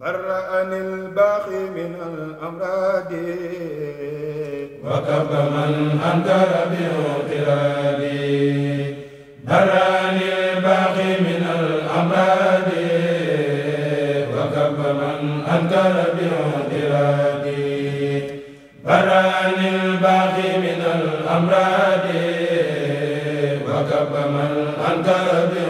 برأني الباقي من الأمراض وكب من أنكر باغترابي برأني الباقي من الأمراض وكب من أنكر باغترابي برأني الباقي من الأمراض وكب من أنكر باغترابي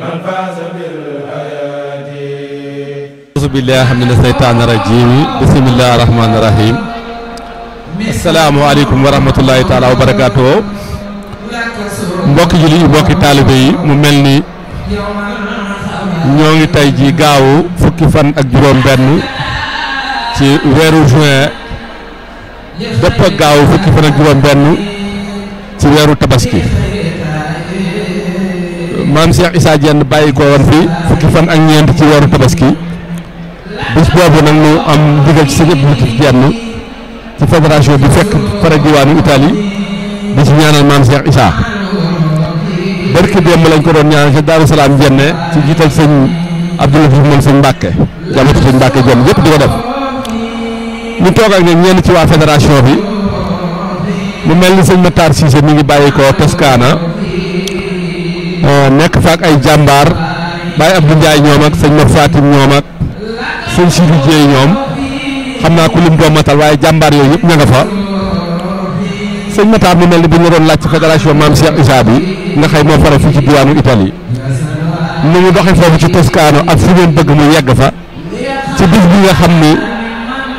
man faasa bil hayaati auzu billahi mina assalaamu aleykum wa rahmatullahi wa barakaatu mbokki julli yi mbokki taalibe yi mu mel ni ñoo ngi tey ji gaawu fukki fan ak juróom benn ci weeru juin dëpp ak gaawu fukki fan ak juróom benn ci weeru tabaski maam Cheikh Issa Diène bàyyi ko woon fii fukki fan ak ñeent ci weeru tabaski bis boobu nag ñu am ndigal ci sëñ Abdou Latif Diène ci fédération bi fekk fara diwaanu Italie ci ñaanal maam Cheikh Issa barki démb lañ ko doon ñaanal ci Daaru Salaam Diène ci jiital sëñ Abdou Latif moom sëñ Mbàkke jabatu sëñ Mbàkke Diène yëpp di ko def ñu toog ak nag ci waa fédération bi mu mel ni sëñ Matar Cissé mi ngi bàyyi ko Toscana Euh, nekk fa ay jàmbaar Baye Abdou Ndiaye ñoom ak sëñ Mor Fatim ñoom ak sëñ Sidou Dieye ñoom xam naa ku lim doom matal waaye jàmbaar yooyu yëpp ña nga fa sëñ Matar mu mel ni bu ñu doon laaj ci fédération Maam Cheikh Issa bi nga xëy moo faral fii ci diwaanu Italie nu ñu doxee foofu ci Toscano ak fu ngeen mu yegg fa ci nga xam ni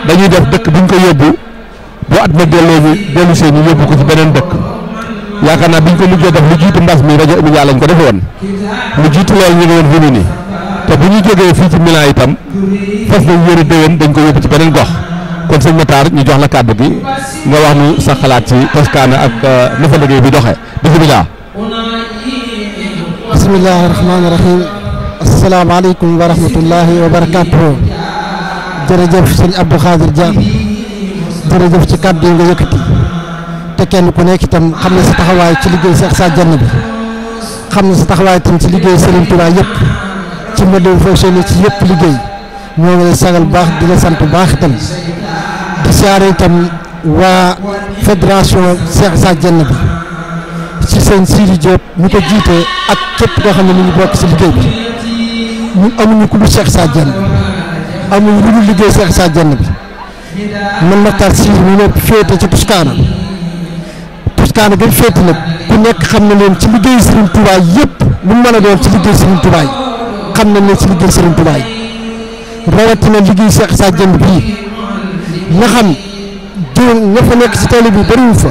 dañuy def dëkk bu ko yóbbu bu at ma delloo ñu dellu seen ñu yóbbu ko ci beneen dëkk. yaakaar naa bi ñu ko mujjee def lu jiitu mbas mi rajo Emilia lañ ko defee woon lu jiitu loolu ñu ngi woon fi mu nii te bu ñu jógee fii ci Milan itam fas nañ dañ ko yóbbu ci beneen gox kon sëñ Matar jox la kàddu gi nga wax nu sa xalaat ci Toscana ak euh, na fa liggéey bi doxee bisimilah. bisimilah rahmaani rahiim asalaamaaleykum wa rahmatullahi wa barakaatuhu jërëjëf sëñ Abdou Khadir Dia jërëjëf ci kàddu yi nga yëkkati. te kenn ku nekk itam xam ne sa taxawaay ci liggéey seex Sa jenn bi xam ne sa taxawaay itam ci liggéey Serigne Touba yëpp ci modèle fonctionné ci yëpp liggéey ñoo ngi lay sagal baax di sant bu baax itam di siyaare itam waa fédération Cheikh Sa Dienne bi ci seen Sidi Diop ñu ko jiite ak képp koo xam ne ñu ngi bokk ci liggéey bi ñun amuñu ku dul Cheikh Sa Dienne amuñu lu dul liggéey seex Sa Dienne bi man Makhtar Sy ñu nekk féete ci Toscana Toscana gën féete nag ku nekk xam na leen ci liggéey Serigne Touba yëpp lu mën a ci liggéey Serigne Touba yi xam nañ ne ci liggéey Serigne Touba yi rawatina liggéey Cheikh Sa Dieng bii xam juróom ña nekk ci tool bi bëriwul fa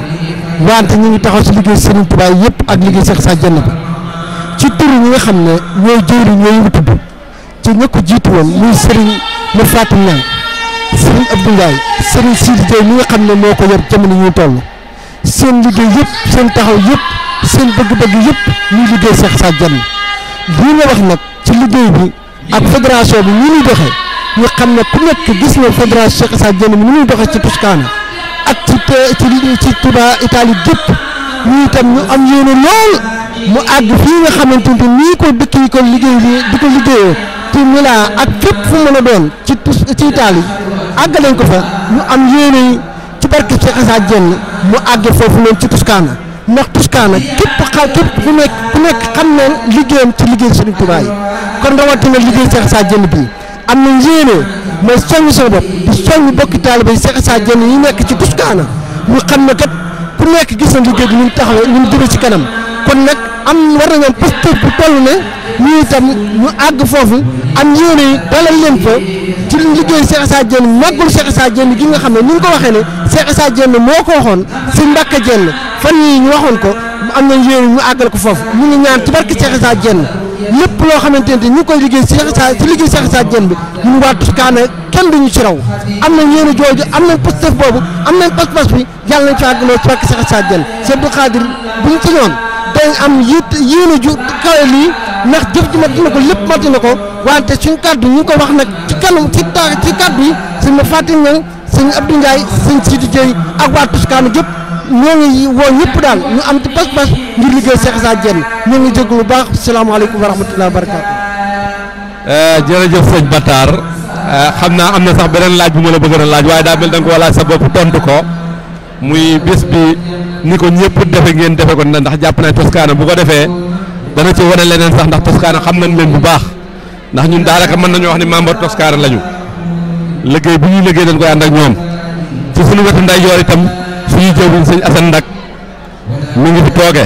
wante ñu ngi taxaw ci liggéey Serigne ak liggéey Cheikh Sa Dieng ci tur ñi nga xam ne ñooy jëwriñ ñooy mu tudd ci ña ko jiitu woon muy Serigne ma Fatou Niang Serigne Abdou Ndiaye Serigne Sidi Dieye mi xam ne moo ko yor jamono ñuy toll. seen liggéey yëpp seen taxaw yëpp seen bëgg-bëgg yëpp ñuy liggéey Cheikh Sadio Diagne lii nga wax nag ci liggéey bi ak fédération bi ñu ñuy doxee ñu xam ne ku nekk gis na fédération Cheikh sa Diagne bi ñu ñuy doxee ci Toscana ak ci ci ci Touba Italie gépp ñu itam ñu am yéene lool mu àgg fii nga xamante ni nii ko dëkk yi ko liggéey di ko liggéeyee ci Milan ak fépp fu mën a doon ci ci Italie àgg ko fa ñu am yéene ci barke Cheikh Issa Diène mu àgg foofu noonu ci Toscana ndax Toscana képp xa képp ku nekk ku nekk xam ne liggéeyam ci liggéey Serigne Touba yi kon rawatina liggéey Cheikh Issa Diène bii am na yéene mooy soññ sama bopp di soññ bokki taalibe Cheikh Issa Diène yi nekk ci Toscana ñu xam ne kat ku nekk gis na liggéey bi ñu taxawee ñu jëme ci kanam kon nag am war nañoo posté bu toll ne. ñu itam ñu àgg foofu am yéene dalal leen fa ci liggéey Cheikh Issa Diène màggul Cheikh Issa Diène gi nga xam ne ni nga waxee ne Cheikh Issa Diène moo ko waxoon si Mbàkke Diène fan yii ñu waxoon ko am nañ yéene ñu àggal ko foofu ñu ngi ñaan ci barke Cheikh Issa Diène lépp loo xamante ne ñu ngi koy liggéey Cheikh Issa si liggéey Cheikh Issa Diène bi ñun waa Toscana kenn duñu ci raw am nañ yéene jooju am nañ postef boobu am nañ pas-pas bi yàlla nañ ci àgg ci barke Cheikh Issa Diène Cheikh Abdou Khadir bu ñu ci ñoon dañ am yit yéene ju kawe lii ndax jëf ji mat ko lépp mat na ko wante suñ kàddu ñu ko wax nag ci kanam ci ta ci kàddu yi suñ ma fàttali ne sëñ Abdou Ndiaye sëñ Sidi Dieye ak waa Toscane yëpp ñoo ngi ci pas-pas ngir liggéey Cheikh Issa Diène ñoo ngi jégg lu baax salaamaaleykum wa rahmatullahi wa barakaatu. Euh, jërëjëf sëñ Batar euh, xam naa am na sax beneen laaj bi ma la bëgg a laaj waaye daa mel da nga ko laaj sa bopp tontu ko muy bis bi ni ko ñëpp defe ngeen defe ko ndax jàpp naa Toscane bu ko defee. dana ci wane leneen sax ndax Toscana xam nañ leen bu baax ndax ñun daanaka mën nañoo wax ni membre Toscana lañu liggéey bu ñuy liggéey dañ koy ànd ak ñoom ci suñu wetu ndeyjoor itam suñu jëwriñ sëñ Assane Ndak mi ngi fi tooge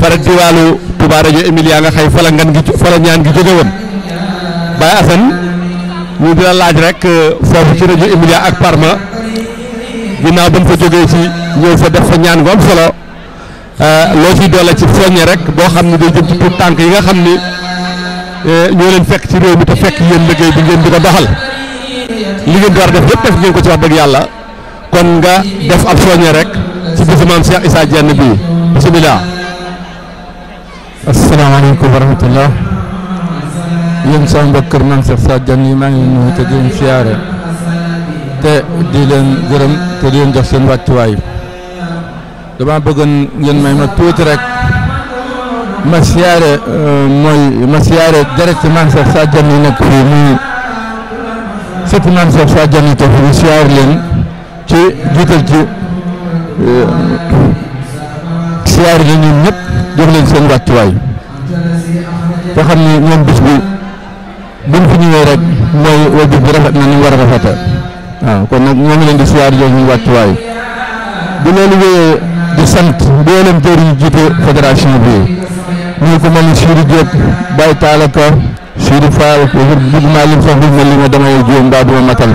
fara diwaalu Touba rajo Emilia nga ñaan gi jóge woon Baye ñu dina rek euh, foofu ci ak Parma ginnaaw ba mu fa jógee ñaan gu solo. Euh, loo ciy doole ci soññe rek boo xam ne day jëm ci pour tànk yi nga xam ni euh, ñoo leen fekk ci réew mi te fekk leen liggéey bi ngeen di ko doxal li ngeen war def yëpp def ko ci wax dëgg yàlla kon nga def ab soññe rek ci bisu maam Cheikh Issa Diène bii bisimilah. asalaamaaleykum wa rahmatullah yéen sama mbokk kër maam Cheikh Issa Diène yi maa ngi leen te di leen siyaare te di leen gërëm te di leen jox seen wàccuwaay. dama bëggoon ngeen may ma tuuti rek ma siyaare euh, mooy ma siyaare directement Cheikh Sadio Diagne nekk fii muy surtout man Cheikh Sadio Diagne toog fii siyaare leen ci jiital ci euh, siyaare na ñoom ñëpp jox leen seen wàccuwaay te xam ne ñoom bis bi buñ fi ñëwee rek mooy wàllu bi rafet na ni war a rafetee waaw kon nag ñoo ngi leen di siyaare jox ñu wàccuwaay bi loolu di sant mboolem kër yi jiite fédération bi ñu ko mën Sidi Diop Baye Taalaka Sidi Fall waxul bëgguma lim sax mel ma damay juum mbaa duma matal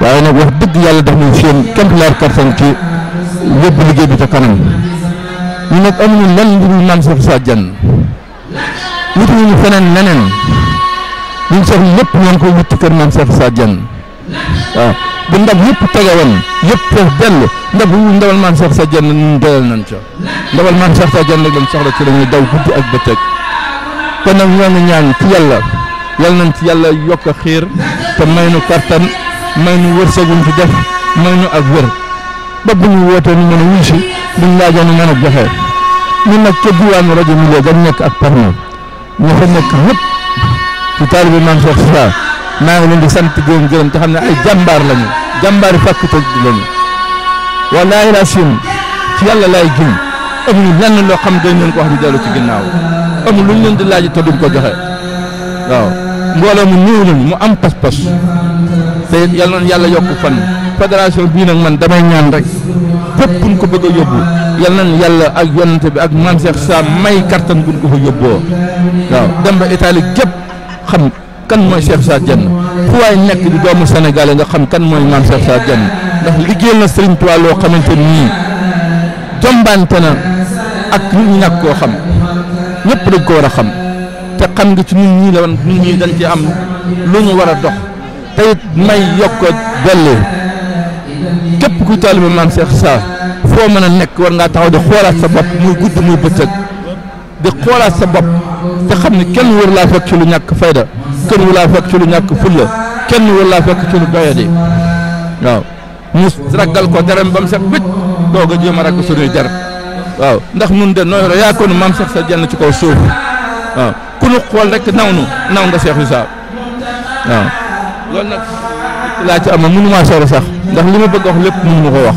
waaye nag wax dëgg yàlla def nañ seen kéemtalaat kattan ci lépp liggéey bi ca kanam ñu nag amuñu lan lu naan sax sa jànn wutuñu feneen leneen liñ soxla lépp ñoo ko wuti kër naan sax sa jànn waaw. bu ndab yëpp tegewoon yëpp foofu dellu ndab wu ndawal maam Cheikh sa jenn nañ ca ndawal maam sa jenn nag lañ soxla ci dañuy daw guddi ak bëccëg kon nag ñoo ngi ñaan ci yàlla yal nañ ci yàlla yokk xiir te may nu kattan may nu wërsëguñ ci def may nu ak wër ba bu ñu wootee ñu mën a wuyu si buñ laajoo nu mën a joxe ñun nag ca diwaanu rajo Millié dañ nekk ak Parma ña fa nekk ñëpp ci taalibe maam Cheikh Sa maa ngi leen di sant gërëm gërëm te xam ne ay jàmbaar lañu jàmbaari fàkk tëj lañu wallaahi laa sim ci yàlla laay gin amul lenn loo xam dañ leen ko xam ñu dellu ci ginnaaw amul lu ñu leen di laaj te duñ ko joxe waaw mbooloo mu néew lañ mu am pas-pas te yàlla na yàlla yokk fan fédération bii nag man damay ñaan rek fépp buñ ko bëgg a yóbbu yal na yàlla ak yonante bi ak maam Cheikh Sam may kattan buñ ko fa yóbboo waaw dem ba Italie gépp xam kan mooy Cheikh Saad Dieng fu waay nekk di doomu Sénégalais nga xam kan mooy maam Cheikh saa Dieng ndax liggéeyal na Serigne Touba loo xamante nii jombante na ak ñu ñàkk koo xam ñépp dañ ko war a xam te xam nga ci ñun ñii la ci am lu ñu war a dox te it may yokk a dellee képp kuy taalibe maam Cheikh Saad foo mën a nekk war ngaa taxaw di xoolaat sa bopp muy gudd muy bëccëg di xoolaat sa bopp te xam ne kenn wër laa fekk ci lu ñàkk fayda kenn wu laa fekk ci lu ñàkk fulla kenn wu laa fekk ci lu doyadi waaw mu ragal ko deram ba mu set wécc doog a jéem a ragg suñuy der waaw ndax nun de nooy yaa ko nu maam Seex sa jenn ci kaw suuf waaw ku nu xool rek naw nu naw nga Seex Isaa waaw loolu nag laaj ci ama mënu maa soro sax ndax li ma bëgg wax lépp mënu ko wax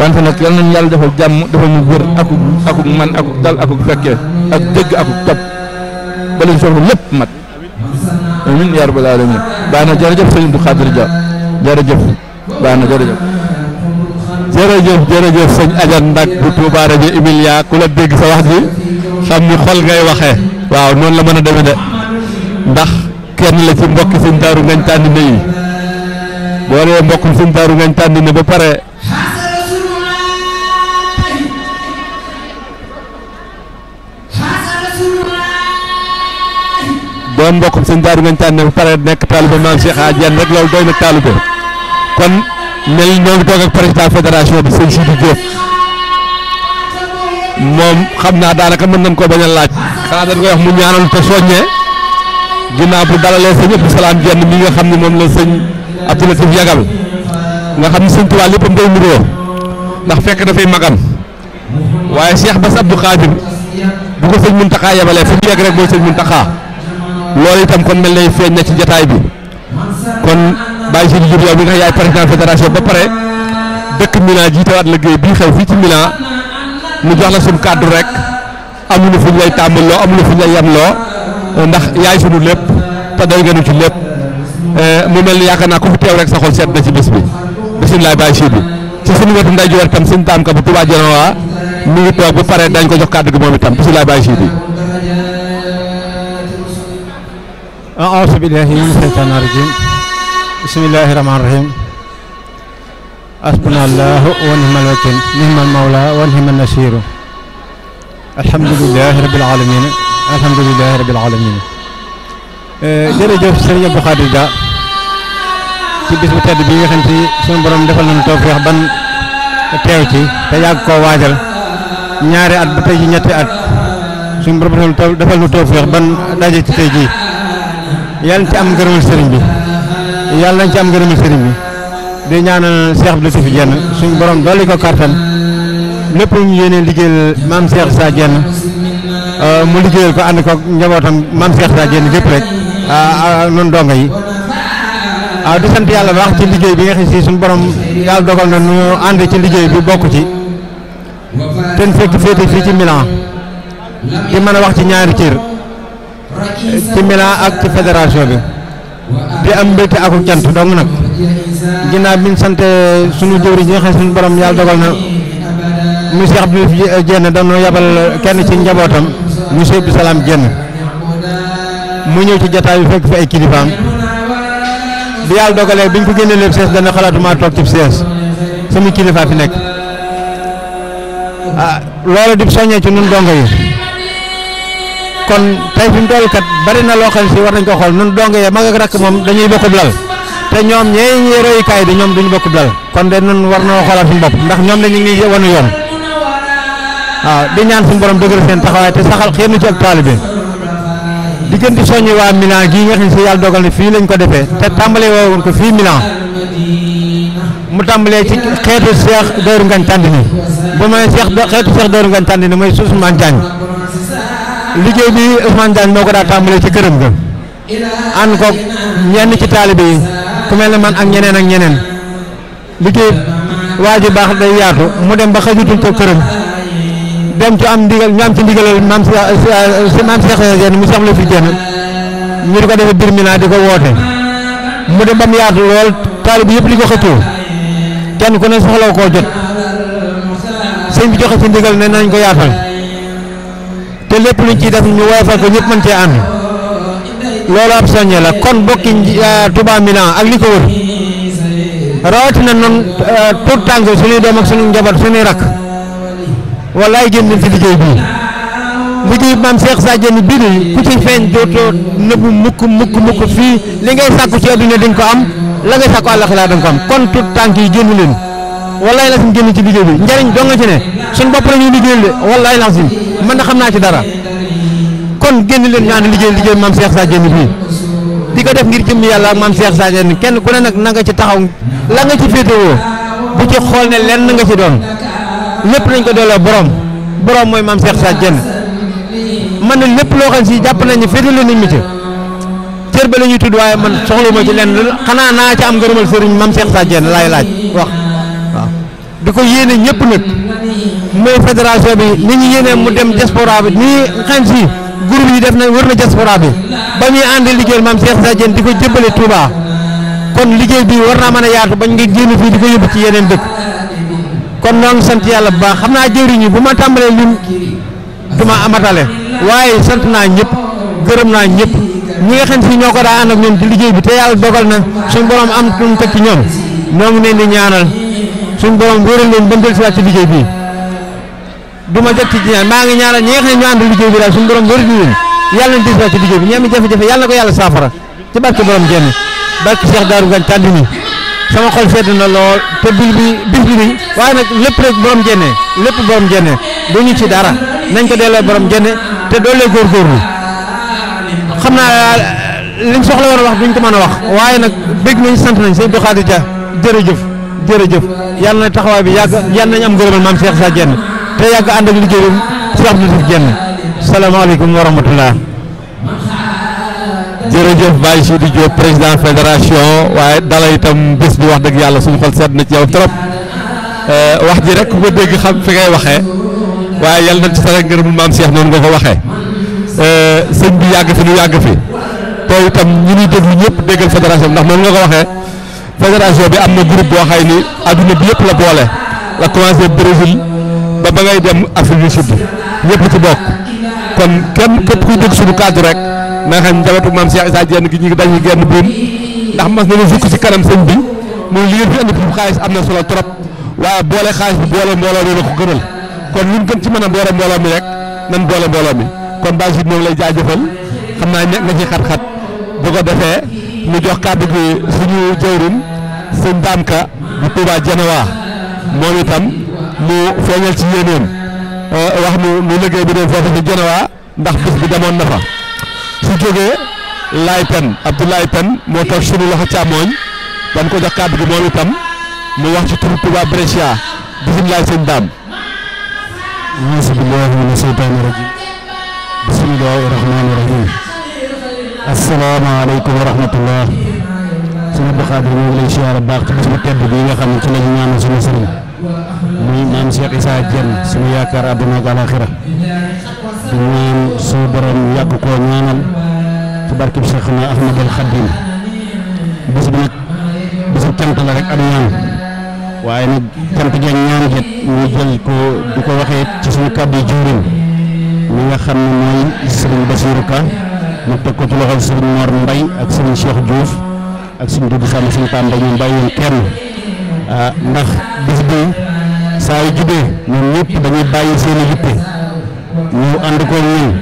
wante nag yal nañu yàlla defal jàmm defal ñu wér akuk akuk man akuk dal akuk fekke ak dégg akuk topp ba lañ soxla lépp mat amiin yaa rabbal aalamiin baax na jërëjëf sëñ Abdou Khadir Dia jërëjëf baax na jërëjëf jërëjëf jërëjëf sëñ Ajan Ndak bu Touba rajo Emilia ku la dégg sa wax ji xam ni xol ngay waxe waaw noonu la mën a deme de ndax kenn la ci mbokki sëñ Daaru Ngañ Tandine yi boo dee mbokkum sëñ Daaru Ngañ Tandine ba pare doon mbokkum sëñ Daaru Ngañtaan ne ba pare nekk taalibe maam Cheikh Adiane rek loolu doy na taalibe kon mel ñoo ngi toog ak président fédération bi sëñ Sidi moom xam naa daanaka mën nañ koo bañ a laaj xanaa dañ koy wax mu ñaanal te soññee ginnaaw bu dalalee sëñ Abdou Salaam Jenn mu nga xam ne moom la sëñ Abdou Latif Yagal nga xam ne sëñ Tuubaa léppam day nuroo ndax fekk dafay magam waaye Cheikh Bass Abdou Khadir bu ko sëñ Muntaxaa yebalee fu mu yegg rek mooy sëñ Muntaxaa loolu itam kon mel na feeñ na ci jataay bi kon bàyyi si jur yow mi nga yaay président fédération ba pare dëkk Milan jiitewaat liggéey bii xew fii ci Milan mu jox la suñu kàddu rek amuñu fuñ lay tàmbaloo amuñu fuñ lay yemloo ndax yaay sunu lépp te doy ngeen ci lépp eh, mu mel ni yaakaar naa ku fi teew rek sa xol seet na ci bés bi bisimilah bàyyi si bi ci suñu wetu ndeyjoor itam suñu taam ka bu Touba Dionowa mi ngi toog ba pare dañ ko jox kàddu gi moom itam bàyyi si bi. أعوذ بالله من الشيطان الرجيم بسم الله الرحمن الرحيم حسبنا الله ونعم الوكيل نعم المولى ونعم النصير الحمد لله رب العالمين الحمد لله رب العالمين jërëjëf bu tedd bi nga xam ci suñu borom defal nañu at ba tey nu tawfeex ban daje ci yàlla nañ ci am ngërëmal sëriñ bi yàlla nañ ci am ngërëmal sëriñ bi di ñaanal Cheikh Abdou Latif Diène suñu borom dolli ko kàttan lépp lu ñu yéenee liggéeyal maam Cheikh Sa Diène euh, mu liggéeyal ko ànd ko njabootam maam Cheikh Sa Diène gépp rek ah, ah, noonu donga yi waaw ah, di sant yàlla baax ci liggéey bi nga xam si suñu borom yàlla dogal na ñu ànd ci liggéey bi bokk ci ten fekk féete fii ci Milan di mën a wax ci ñaari cër ci Milan ak ci fédération bi di am mbégte ak cant dong nag ginnaaw bi ñu sant suñu jëwri ji nga xam suñu borom yàlla dogal na monsieur Abdou Dieng dañoo yabal kenn ci njabootam monsieur Abdou Salam Dieng mu ñëw ci jotaay bi fekk fi ay kilifaam bi yàlla dogalee bi ñu ko génnee lépp sees dana xalaatuma toog ci sees sama kilifa fi nekk ah, loolu di soññee ci ñun dongo yi. kon tey fi mu toll kat bari na loo xam si war nañ ko xool nun donge yee rakk moom dañuy bokkub lal te ñoom ñee ñi royukaay bi ñoom bokk bokkub lal kon de nun war na xoolal suñu bopp ndax ñoom dañu ngi wanu yoon waaw di ñaan suñu borom dëgër seen taxawaay te saxal xéem na ci ak bi diggante soññi waa Milan gii nga xam si yàlla dogal ne fii lañ ko defee te tàmbalee woon ko fii Milan mu tàmbalee ci xeetu Cheikh Dóoru Ngañ Tandine bu ma nee Cheikh xeetu Cheikh Dóoru Ngañ Tandine mooy Ousmane Diagne liggéey bi Ousmane Diagne moo ko daa tàmbalee ci këram ga ànd ko ñenn ci taalibe yi ku mel ne man ak ñeneen ak ñeneen liggéey waa ji baax day yaatu mu dem ba xajutul ko këram dem ci am ndigal ñu am ci ndigalal maam si maam Cheikh Sène mu soxla fi kenn ñu di ko mu dem ba mu yaatu lool yëpp li ko xëccoo kenn ku ne soxlaw koo jot sëñ bi joxe ci ndigal ne nañ ko yaatal. te lépp luñ ciy def ñu woyofal ko ñëpp mën cee ànd loolu ab soññe la kon bokki euh, Touba Milan ak li ko wër rawatina noonu euh, tout tànk suñuy doom ak suñu njaboot suñuy rak wallaay génn ci liggéey bii liggéey maam Cheikh Sadio ni bii nii ku ci feeñ dootoo nëbbu mukk mukk mukk fii li ngay sàkku ci adduna dañ ko am la ngay sàkku àllaxira dañ ko am kon tout tànk yi génn leen wallaay la suñ génn ci liggéey bi njariñ doo nga ci ne suñ bopp la ñuy liggéeyal de man na xam naa ci dara kon génn leen ñu ànd liggéey liggéey maam Cheikh Sadien bii di ko def ngir jëmm yàlla ak seex Cheikh Sadien kenn ku ne nag na nga ci taxaw langa ci ci féetewoo bu ci xool ne lenn nga ci doon lépp nañ ko delloo boroom boroom mooy seex sa Sadien man na lépp loo xam si jàpp nañu féetewoo nañ mi ci cër ba la ñuy tudd waaye man soxluma ci lenn xanaa naa ci am ngërëmal sëriñ maam Cheikh Sadien laay laaj wax waaw di ko yéene ñëpp nag. mooy fédération bi li ñu yéene mu dem diaspora bi nii xam si groupe yi def nañ wër na diaspora bi ba ñuy ànd liggéeyal maam Cheikh Issa Diène di ko jëbbale Touba kon liggéey bi war naa mën a yaatu bañ nga génn fii di ko yóbbu ci yeneen dëkk kon ñoo ngi sant yàlla bu baax xam naa jëwriñ bu ma tàmbalee lim du ma amatale waaye sant naa ñëpp gërëm naa ñëpp ñi nga xam si ñoo ko daa ànd ak ñoom ci liggéey bi te yàlla dogal na suñu borom am tuum ci ñoom ñoo ngi leen di ñaanal suñu borom wéral leen ba mu ci liggéey bi du ma jot ci ñaan maa ngi ñaanal a nga xam ne ànd liggéey bi daal suñu borom wér gu leen yàlla na diis ci liggéey bi ñu am jafe-jafe yàlla na ko yàlla saafara ci barke borom jenn barke Cheikh Darou Gagne tànd mi sama xol sedd na lool te bil bi bis bi waaye nag lépp rek borom jenne lépp borom jenne duñu ci dara nañ ko delloo borom jenne te doolee góorgóorlu xam naa liñ soxla a wax duñ ko mën a wax waaye nag bëgg nañ sant nañ sëñ Doxaadi Dia jërëjëf jërëjëf yàlla na taxawaay bi yàgg yàlla nañ am ngërëmal maam Cheikh Sa Dienne te yàgg ànd ak liggéey bi Cheikh Abdou Latif Diène salaamaaleykum wa rahmatullah jërëjëf Baye Sidi Diop président fédération waaye dalay itam bés bi wax dëgg yàlla suñu xol sedd na ci yow trop eh, wax ji rek ku ko dégg ngay waxee waaye yàlla na ci sa rek ngërëmul maam Cheikh noonu nga ko waxee eh, sëñ bi yàgg fi nu yàgg fi te itam ñi ñuy déglu ñëpp déggal fédération ndax noonu nga ko waxee fédération bi am na groupe boo xay ni adduna bi yëpp la boole la commencé Brésil. ba ba ngay dem Afrique du Sud ñëpp ci bokk kon kenn képp kuy dégg suñu kaddu rek na nga xam njabootu maam Cheikh Issa Diène gi ñu ngi dañuy génn buum ndax mas nañu fukk ci kanam sëñ bi muy li ngeen fi xaalis am na solo trop waaye boole xaalis bi boole mbooloo mi la ko gënal kon ñun gën ci mën a boole mbooloo mi rek nan boole mbooloo mi kon bâche moom lay jaajëfal xam naa ne na ci xat-xat bu ko defee mu jox kàddu gi suñu jëwriñ sëñ Daam Ka bu Touba mu feeñal ci yéenéem euh, wax nu nu liggéey bi doon foofu ci Genoa ndax bis bi demoon na fa su jógee Laay Pen Abdoulaye Pen moo toog sunu loxo càmmooñ ban ko jox kàddu gi moom itam mu wax ci turu Touba Brescia bisimilaay sëñ daam auzu billaahi mina seytaani rajiim bismillaahi rahmaani rahiim asalaamaaleykum wa rahmatullah sëñ Abdou Khadir ñu ngi lay siyaare baax ci bis bu bi nga xam ne ci la ñu ñaanal suñu sëriñ muy maam Cheikh Issa Diène suñu yaakaar àdduna ak alaxira di ñaan suñu borom yàgg koo ñaanal ci barkib Cheikh na Ahmadul Xadim bis bi nag bisu cant la rek ak ñaan waaye nag cant gi ak ñaan gi ñu jël ko di ko waxee ci suñu kàddu jëwriñ mi nga xam ne mooy Serigne Bassirou Ka mu teg ko ci loxol Serigne Mor Mbaye ak Serigne Cheikh Diouf ak Serigne Doudou Sall Serigne Tamba ñu mbay woon kenn Ah, ndax bis bi saa yi jubee ñoom ñëpp dañuy bàyyi seen i yitte ñu ànd ko ñun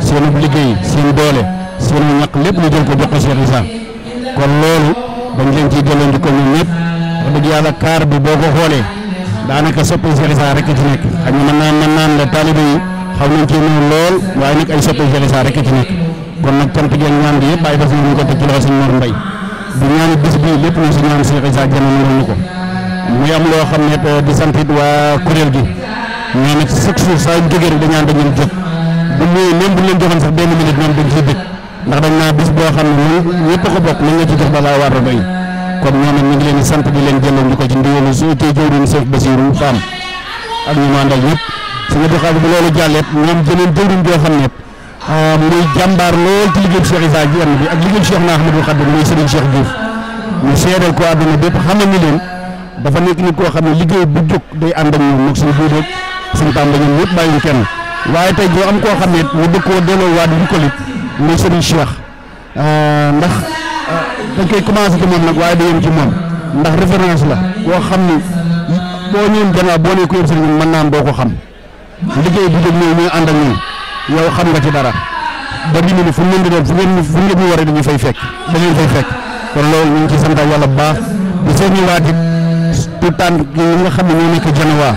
seen liggéey seen doole seen ñaq lépp ñu jël ko jox ko Cheikh Issa kon loolu dañ leen ciy jëloon di ko ñun ñëpp dëgg yàlla kaar bi boo ko xoolee daanaka soppee Cheikh Issa rek ci nekk xam nga mën naa mën naan la taalibe yi xaw nañ ci noonu lool waaye nag ay soppee Cheikh Issa rek ci nekk kon nag cant gi ñaan gi yëpp ay def nañ ko teg ci loxo sëñ Mor Mbaye bu ñaan lépp ñu si ñaan Cheikh Issa jëloon nañu ko. muy am loo xam ne te di sant it waa kuréel gi ñoo nag chaque jour saa ñu jógee rek dañu naan dañu jóg bu ñëwee même bu ñu leen joxoon sax benn minute ñoom dañ ciy bëgg ndax dañ naa bis boo xam ne ñun ñëpp ko bokk nañ kon ñoo nag ñu ngi leen di sant di leen jëloon di ko ci ndigalu su tey jëwriñ Cheikh Bassirou Thiam ak ñu ma àndal bu loolu jàlleet ñoom jëleen jëwriñ joo xam ne ah, muy jàmbaar lool ci liggéeyu Cheikh Issa Diène bi ak liggéeyu Cheikh Ahmadou Khadim muy Serigne Cheikh Diouf ñu seedal ko àdduna bépp xam ne leen dafa nekk nit koo xam ne liggéey bu jóg day ànd ak ñoom moog suñu buubeeg baa tàmba ñoom ñëpp bàyyiwuñ kenn waaye tey joo am koo xam ne mu dëkkoo delloo waat bu ko lit muy Serigne Cheikh euh, ndax euh, dañ koy commencé ci moom nag waaye du yem ci moom ndax référence la koo xam ne boo ñëwee gannaaw boo nekk yëpp Serigne mën naa doo ko xam liggéey bu jóg ñoom ñooy ànd ak ñoom yow xam nga ci dara ba bii nii fu mu leen di doon fu ngeen fu ngeen ñu waree dañuy fay fekk dañuy fay fekk kon loolu ñu ngi santa sant baax di seen ñu waat tout tànk yi nga xam ne ñoo nekk janawaa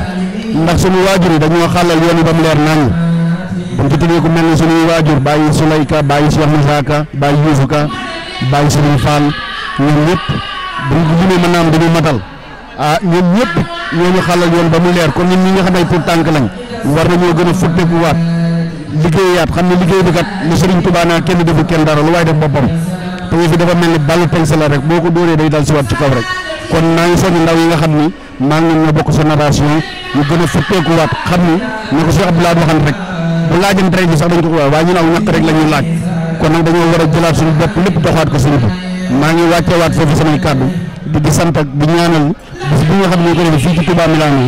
ndax suñu waajur yi dañoo xàllal yoon yi ba mu leer nañu buñ ci tuddee ku mel ne suñuy waajur bàyyi Sulayka bàyyi Cheikh Moussa Ka bàyyi Youssou Ka bàyyi Serigne Fall ñoom ñëpp buñ ko jëlee mën naa am dañu matal ah ñoom ñëpp ñoo ñu xàllal yoon ba mu leer kon ñun ñi nga xam ne tout tànk lañ war nañoo gën a futteeku waat liggéeyaat xam ne liggéey bi kat lu Serigne Touba naa kenn defu kenn dara lu waay def boppam te fi dafa mel ni ballu teg rek boo ko dóoree day dal si waat ci kaw rek kon naa ngi soññ ndaw yi nga xam ni maa ngi ñoo bokk génération ñu gën a futteekuwaat xam ni ne ko Cheikh Abdoulaye waxan laa bu laajan tey bi sax dañ ko ko waaye ñun aw ñàkk rek la ñuy laaj kon nag dañoo war a jëlaat suñu bopp lépp doxaat ko suñu maa ngi wàcceewaat foofu samay kàddu di di sant ak di ñaanal xam ne ñu ko defee fii ci Touba Milano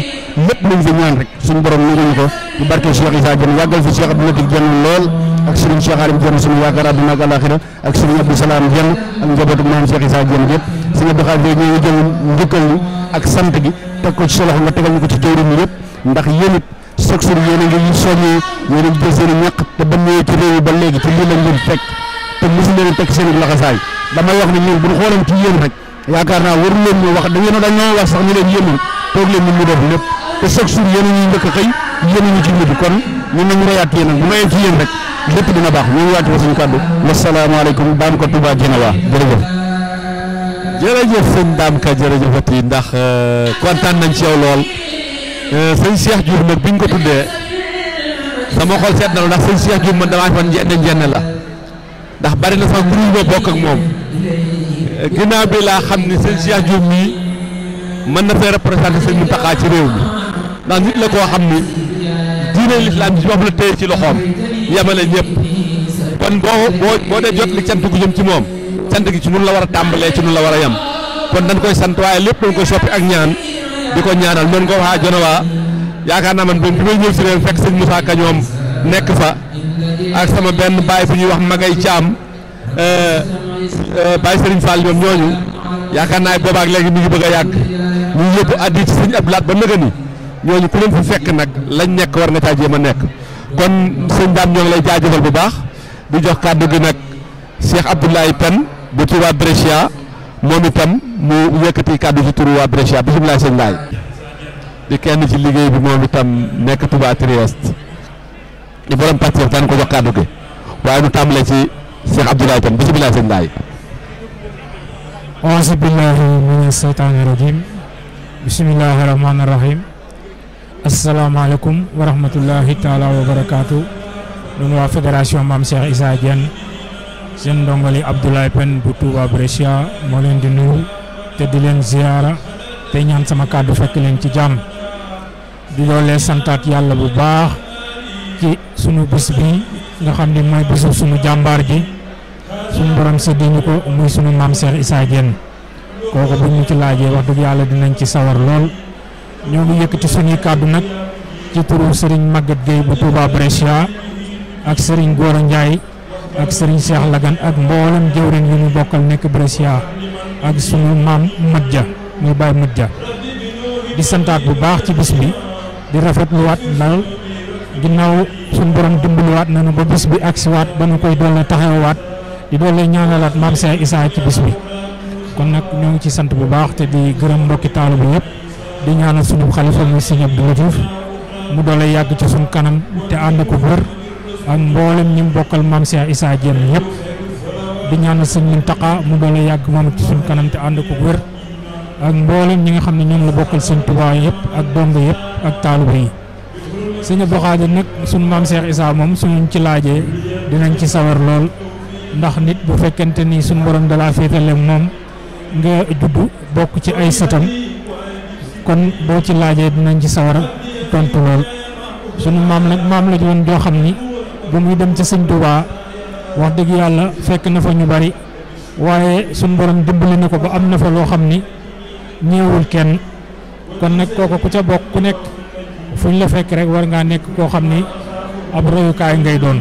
lépp luñ fi ñaan rek suñu borom nanguñu ko di barke Cheikh Issa Diène yàggal fi Cheikh Abdou Latif Diène lool ak Serigne Cheikh Alim Diène suñu yaakaar àdduna ak ak Serigne Abdou Salam Diène ak njabootu maam sëñ Abdou Khadre ñoo ngi jël njëkkal li ak sant gi teg ko ci sa loxo nga tegal ñu ko ci jëwriñ ñi yëpp ndax yéen it soog seen yéen a ngi soññee yéen a ngi te ba ñëwee te teg seen i laxasaay damay wax ne ñun bu ñu xoolee ci yéen rek yaakaar naa waru leen ñu wax da ngeen a dañoo sax ñu leen yéen toog leen ñun ñu def lépp te chaque jour yéen a njëkk xëy yéen ñu ci mujj kon ñun nañu reyaat yéen ak bu mayee ci yéen rek lépp dina baax ñu ngi wàcc ba suñu kàddu wasalaamaaleykum baam ko Touba Dienawa jërëjëf sëñ Dame Ka jërëjëfati ndax euh, kontaan nañ ci lool euh, sëñ Cheikh Diouf nag biñ ko tuddee sama xol seet na la ndax sëñ Cheikh Diouf man damaa fan njënd njënd la ndax bari na sax mënuñu ma bokk ak moom euh, ginnaaw bi laa xam ni sëñ Cheikh Diouf mii mën na fee représenté sëñ Mountakha ci réew mi ndax nit la koo xam ni diine lislaam ji moom la téye ci loxoom yemale ñëpp kon boo boo boo dee jot li cant gu jëm ci moom. cant gi ci nun la war a tàmbalee ci nun la war a yem kon dañ koy sant waaye lépp dañ koy soppi ak ñaan di ko ñaanal mën ko waxaa Jonowaa yaakaar naa man bi may ñëw si leen fekk sëñ Moussa ñoom nekk fa ak sama benn baay bu ñuy wax Magay Caam euh, euh, baay Serigne Fall ñoom ñooñu yaakaar naa boobaak léegi mi ngi bëgg a yàgg ñu yóbbu addi ci sëñ Abdou laat ba nëga ni ñooñu ku leen fi fekk nag lañ nekk war nga caa jéem a nekk kon sëñ daam ñoo ngi lay jaajëfal bu baax di jox kàddu gi nag Cheikh Abdoulaye Penn bu ci waa Brescia moom itam mu yëkkati kàddu ci turu waa Brescia bisimilah sëñ Laay di kenn ci liggéey bi moom itam nekk Touba Trieste di borom Pastef daan ko jox kàddu gi waaye mu tàmbale ci Cheikh Abdoulaye Kane bisimilah sëñ Laay. auzu billahi mina seytaani rajim bisimilahi rahmaani rahim asalaamaaleykum wa rahmatullahi wa barakaatu. ñun waa fédération Mame Cheikh Issa seen ndongali Abdoulaye Penn bu Touba Brescia moo leen di nuyu te di leen ziyaara te ñaan sama kàddu fekk leen ci jàmm di loolee santaat yàlla bu baax ci sunu bis bi nga xam ne mooy bisu sunu jàmbaar ji sunu borom séddiñu ko muy sunu maam Cheikh Issa Diène kooku bu ñu ci laajee wax dëgg yàlla dinañ ci sawar lool ñoo ngi yëkkati sunuy kàddu nag ci turu Serigne Maguette Gueye bu Touba Brescia ak Serigne Gora njaay ak Serigne Cheikh Lagan ak mboolem jëwrin yu ñu bokkal nekk Brescia ak sunu maam ja muy Baye Madja di santaat bu baax ci bis bi di rafetluwaat daal ginnaaw sunu borom dimbaluwaat nañu ba bis bi agsiwaat ba nu koy doole taxawaat di doole ñaanalaat maam Cheikh Issa ci bis bi kon nag ñoo ngi ci sant bu baax te di gërëm mbokki taalu bi yëpp di ñaanal sunu xalifa muy Serigne Abdou mu doole yàgg ci sunu kanam te ànd ko wër ak mboolem ñi mu bokkal maam Cheikh Issa Diène ñëpp di ñaanal sëñ Muntaxa mu doole yàgg moom ci suñ kanam te ànd ko wér ak mboolem ñi nga xam ne ñoom la bokkal sëñ Tuubaa yëpp ak dong yëpp ak taalibe yi sëñ Abdou Khadre nag suñ maam Cheikh Issa moom suñu ci laajee dinañ ci sawar lool ndax nit bu fekkente ni suñ borom dalaa féetale moom nga juddu bokk ci ay sëtam kon boo ci laajee dinañ ci sawar tontu lool suñu maam la maam la woon joo xam ni bu muy dem ca sëñ Touba wax dëgg yàlla fekk na fa ñu bari waaye suñ borom dimbali na ko ba am na fa loo xam ni ñeewul kenn kon nag kooku ku ca bokk ku nekk fuñ la fekk rek war ngaa nekk koo xam ni ab royukaay ngay doon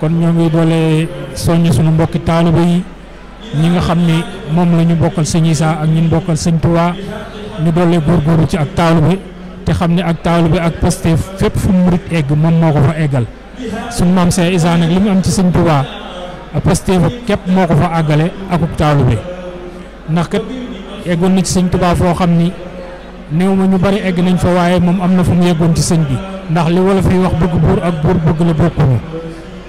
kon ñoo ngi doole soññ suñu mbokki taaliba yi ñi nga xam ni moom la ñu bokkal sëñ Issa ak ñun bokkal sëñ Touba ñu doole góorgóorlu ci ak taalu bi te xam ni ak taalu taaliba ak Pastef fépp fu murit egg moom moo ko fa eggal suñ maam Cheikh Issa nag li mu am ci sëñ Tuubaa Pastef ak képp moo ko fa àggale akub taalu bi ndax kat eggoon na ci sëñ Tuubaa foo xam ni new ma ñu bari egg nañ fa waaye moom am na fa mu yeggoon ci sëñ bi ndax li wolof yi wax bëgg buur ak buur bëgg la bokkuñu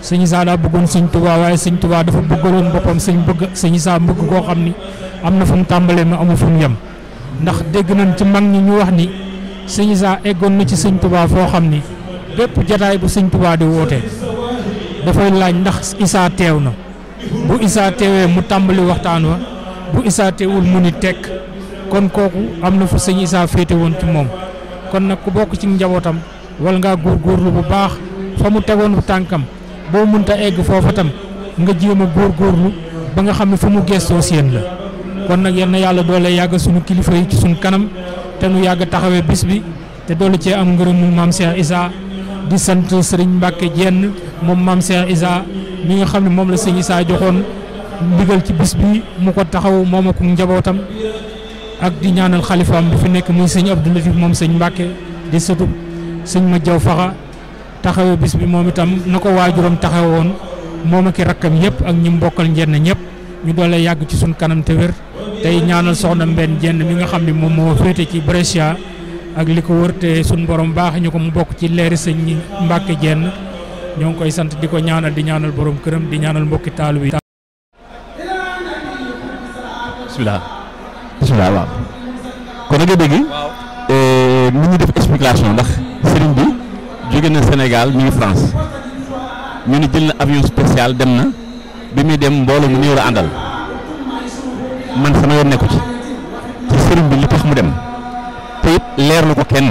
sëñ Issa daa bëggoon sëñ Tuubaa waaye sëñ Tuubaa dafa bëggaloon boppam sëñ bëgg sëñ saa bëgg koo xam ni am na fu mu tàmbalee na amul fu mu yem ndax dégg nañ ci mag ñi ñu wax ni sëñ Issa eggoon na ci sëñ Tuubaa xam ni bépp jataay bu sëñ Tuubaa di woote dafay laaj ndax Isaa teew na bu Isaa teewee mu tàmbali waxtaan wa bu Isaa teewul mu ni tekk kon kooku am na fu sëñ Isaa féete woon ci moom kon nag ku bokk ci njabootam wala ngaa góorgóorlu bu baax fa mu tegoon tànkam boo mënta egg foofa tam nga jéem a góorgóorlu ba nga xam ne fu mu gestoo seen la kon nag yal yàlla doole yàgg suñu kilifa yi ci suñu kanam te nu yàgg taxawe bis bi te doole cee am ngërëmul maam di sant sëriñ Mbacke jenn moom maam Cheikh Isa mi nga xam ne moom la sëñ Isa joxoon ndigal ci bis bi mu ko taxaw moom ak njabootam ak di ñaanal xalifaam bi fi nekk muy sëñ Abdou Latif moom sëñ Mbacke di sëtu sëñ ma jaw faxa taxawee bis bi moom itam na ko waajuram taxawoon moom ak i rakkam yëpp ak ñi mbokkal njenn ñëpp ñu doole yàgg ci suñ kanam te tey ñaanal soxna Mbène jenn mi nga xam ne moom moo féete ci Brescia ak li ko wër te sunu borom baax ñu ko mu bokk ci leeri sëñ Mbàkke Jenn ñoo ngi koy sant di ko ñaanal di ñaanal boroom këram di ñaanal mbokki taalu bi. bisimilah bisimilah kon nag nga dégg. Eh, ni ñu def explication ndax sëriñ bi jóge na Sénégal mi ngi France ñu ne jël na avion spécial dem na bi muy dem mbooloo mu néew la àndal man sama yoon nekku ci ci sëriñ bi li tax mu dem. te it leer lu ko kenn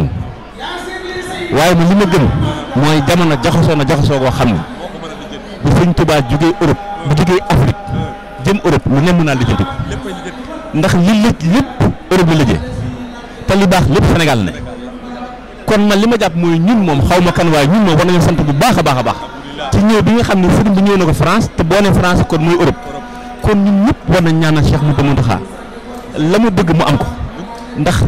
waaye man li ma gëm mooy jamono jaxasoo na jaxasoo koo xam ne bu sëñ Tuubaa jugee Europe bu jugee Afrique jëm Europe lu ne mën naa lijjanti ndax li lépp lépp Europe la lijjee te li baax lépp Sénégal ne kon man li ma jàpp mooy ñun moom xaw ma kan waaye ñun moom war nañoo sant bu baax a baax a baax ci ñëw bi nga xam ne sëriñ bi ñëw na ko France te boo ne France kon muy Europe kon ñun ñëpp war nañ ñaanal Cheikh Mountakha mu bëgg mu am ko ndax.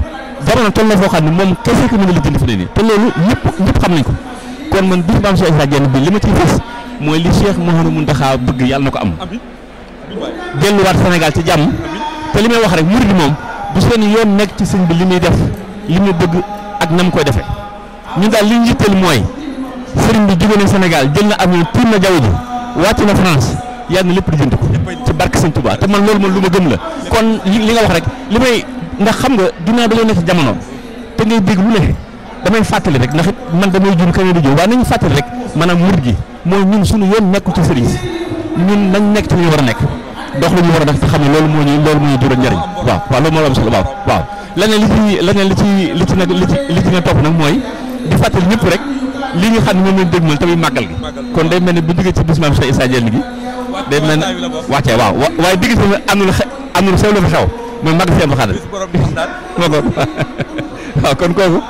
jamono toll na foo xam ne moom kese ko mën a lijjanti fu ne nii te loolu ñëpp kon man bis maam Cheikh Issa Diène bi li ma ciy fas mooy li Cheikh Mouhamadou Mountakha bëgg yàlla na ko am waat Sénégal ci jàmm te li may wax rek murid moom du seen yoon nekk ci sëñ bi li muy def li muy bëgg ak nam koy defe ñun daal li ñu yitteel mooy sëriñ bi jóge na Sénégal jël na avion tuur na jaww ji wàcc na France yàlla na lépp di jënd ko ci barke Sëñ Touba te man loolu man lu ma gëm la kon li nga wax rek li may ndax xam nga ginnaaw dañoo nekk jamono te ngay dégg lu ne damay fàttali rek ndax it man damay jum kañ di jóg waaye nañu fàttali rek maanaam mur gi mooy ñun suñu yoon nekkul ci sëriñ si ñun nañ nekk ci li war a nekk dox lu ñu war a def te xam ne loolu moo ñuy loolu moo ñuy jural njëriñ waaw waaw loolu waaw waaw leneen li ci li ci li li ci li ci nag mooy di fàttali ñëpp rek li nga xam ne moom lañ dégmal tamit màggal kon day mel ne bu jógee ci bis sa Cheikh Issa gi day mel ne wàccee waaw wa waaye digg am na lu am na lu xew mooy mag si Abdou Khadre waaw kon kooku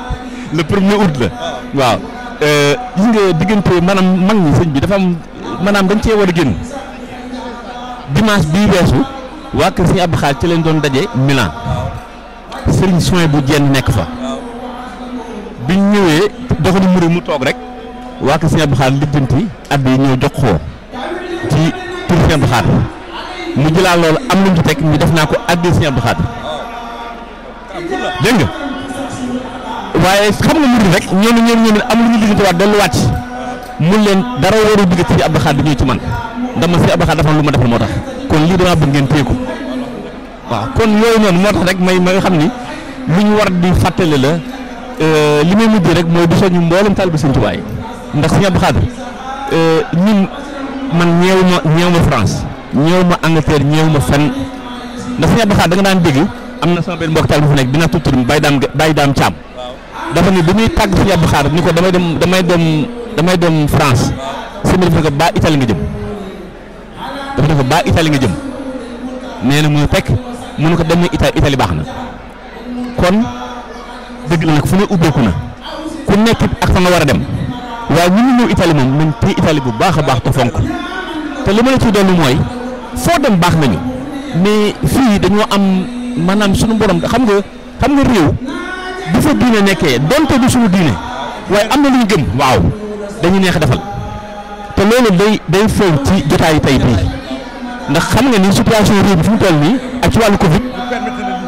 le la ah. waaw euh, gis nga diggante maanaam mag ñi sëñ bi dafa am maanaam dañ cee war a génn dimanche bii weesu waa kër sëñ Abdou Khadre ci leen doon daje Milan ah. sëriñ soin bu jenn nekk fa ah. biñ ñëwee doxali muri mu toog rek waa kër sëñ Abdou Khadre lijjanti at yi ñëw jox ko ci tur sëñ Abdou Khadre mu jëlaat loolu am lu mu ci teg ñu def naa ko addi Sëñ Abdou Khadre dégg nga waaye xam nga murid rek am lu ñu diggante waat delluwaat ci mun leen dara waru ci man ndax man Sëñ Abdou lu ma defal moo tax lii damaa bëgg ngeen waaw kon yooyu noonu moo rek may may xam ni lu ñu war di fàttali la euh, li may mujj rek mooy du soñu mboolem taalibe Sëñ Tuubaa yi ndax Sëñ Abdou Khadre euh, ñun man ñeewu ma ñeewu France. ñëw ma Angleterre ñëw ma fenn ndax suñu abdoulaye da nga daan dégg am na sama benn mbokk taal bu fi nekk dina tudd turam Baye Dame Baye Dame Thiam dafa ni bi muy tàgg suñu abdoulaye ni ko damay dem damay dem damay dem France sëñ bi dafa ne ko ba Italie nga jëm dafa ne ko ba Italie nga jëm nee na mu fekk mu ne ko demee Italie Italie baax na kon dëgg na nag fu ne ubbeeku na ku nekk ak fa nga war a dem waaye ñun ñu ñëw Italie moom nañ téye Italie bu baax a baax te fonk te li ma la de dolli mooy. foo dem baax nañu mais fii dañoo am manaam suñu borom xam nga xam nga réew bu fa diine nekkee donte du suñu diine waaye am na lu ñu gëm waaw dañu neex defal te loolu day day feeñ ci jotaayu tey bii ndax xam nga ni situation réew bi fi mu nii ak ci wàllu Covid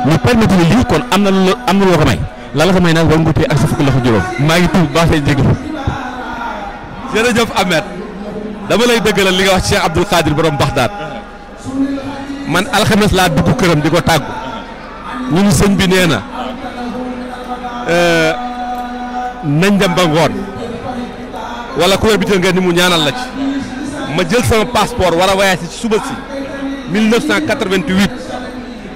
ñu permettre ni lii kon am na lu am na loo ko may la la ko may nag war nga ak sa fukki loxo juróom maa ngi tuub baaxee jégalu. jërëjëf Ahmed dama lay la li nga wax Cheikh Abdoul Khadir borom Baxdaad. man alxames laa dugg këram di ko tàggu ñu ni sëñ bi nee na euh, nañ dem ba ngoon wala ku wér bi jël ngeen ni mu ñaanal la ci ma jël sama passeport war a voyage ci suba si 1988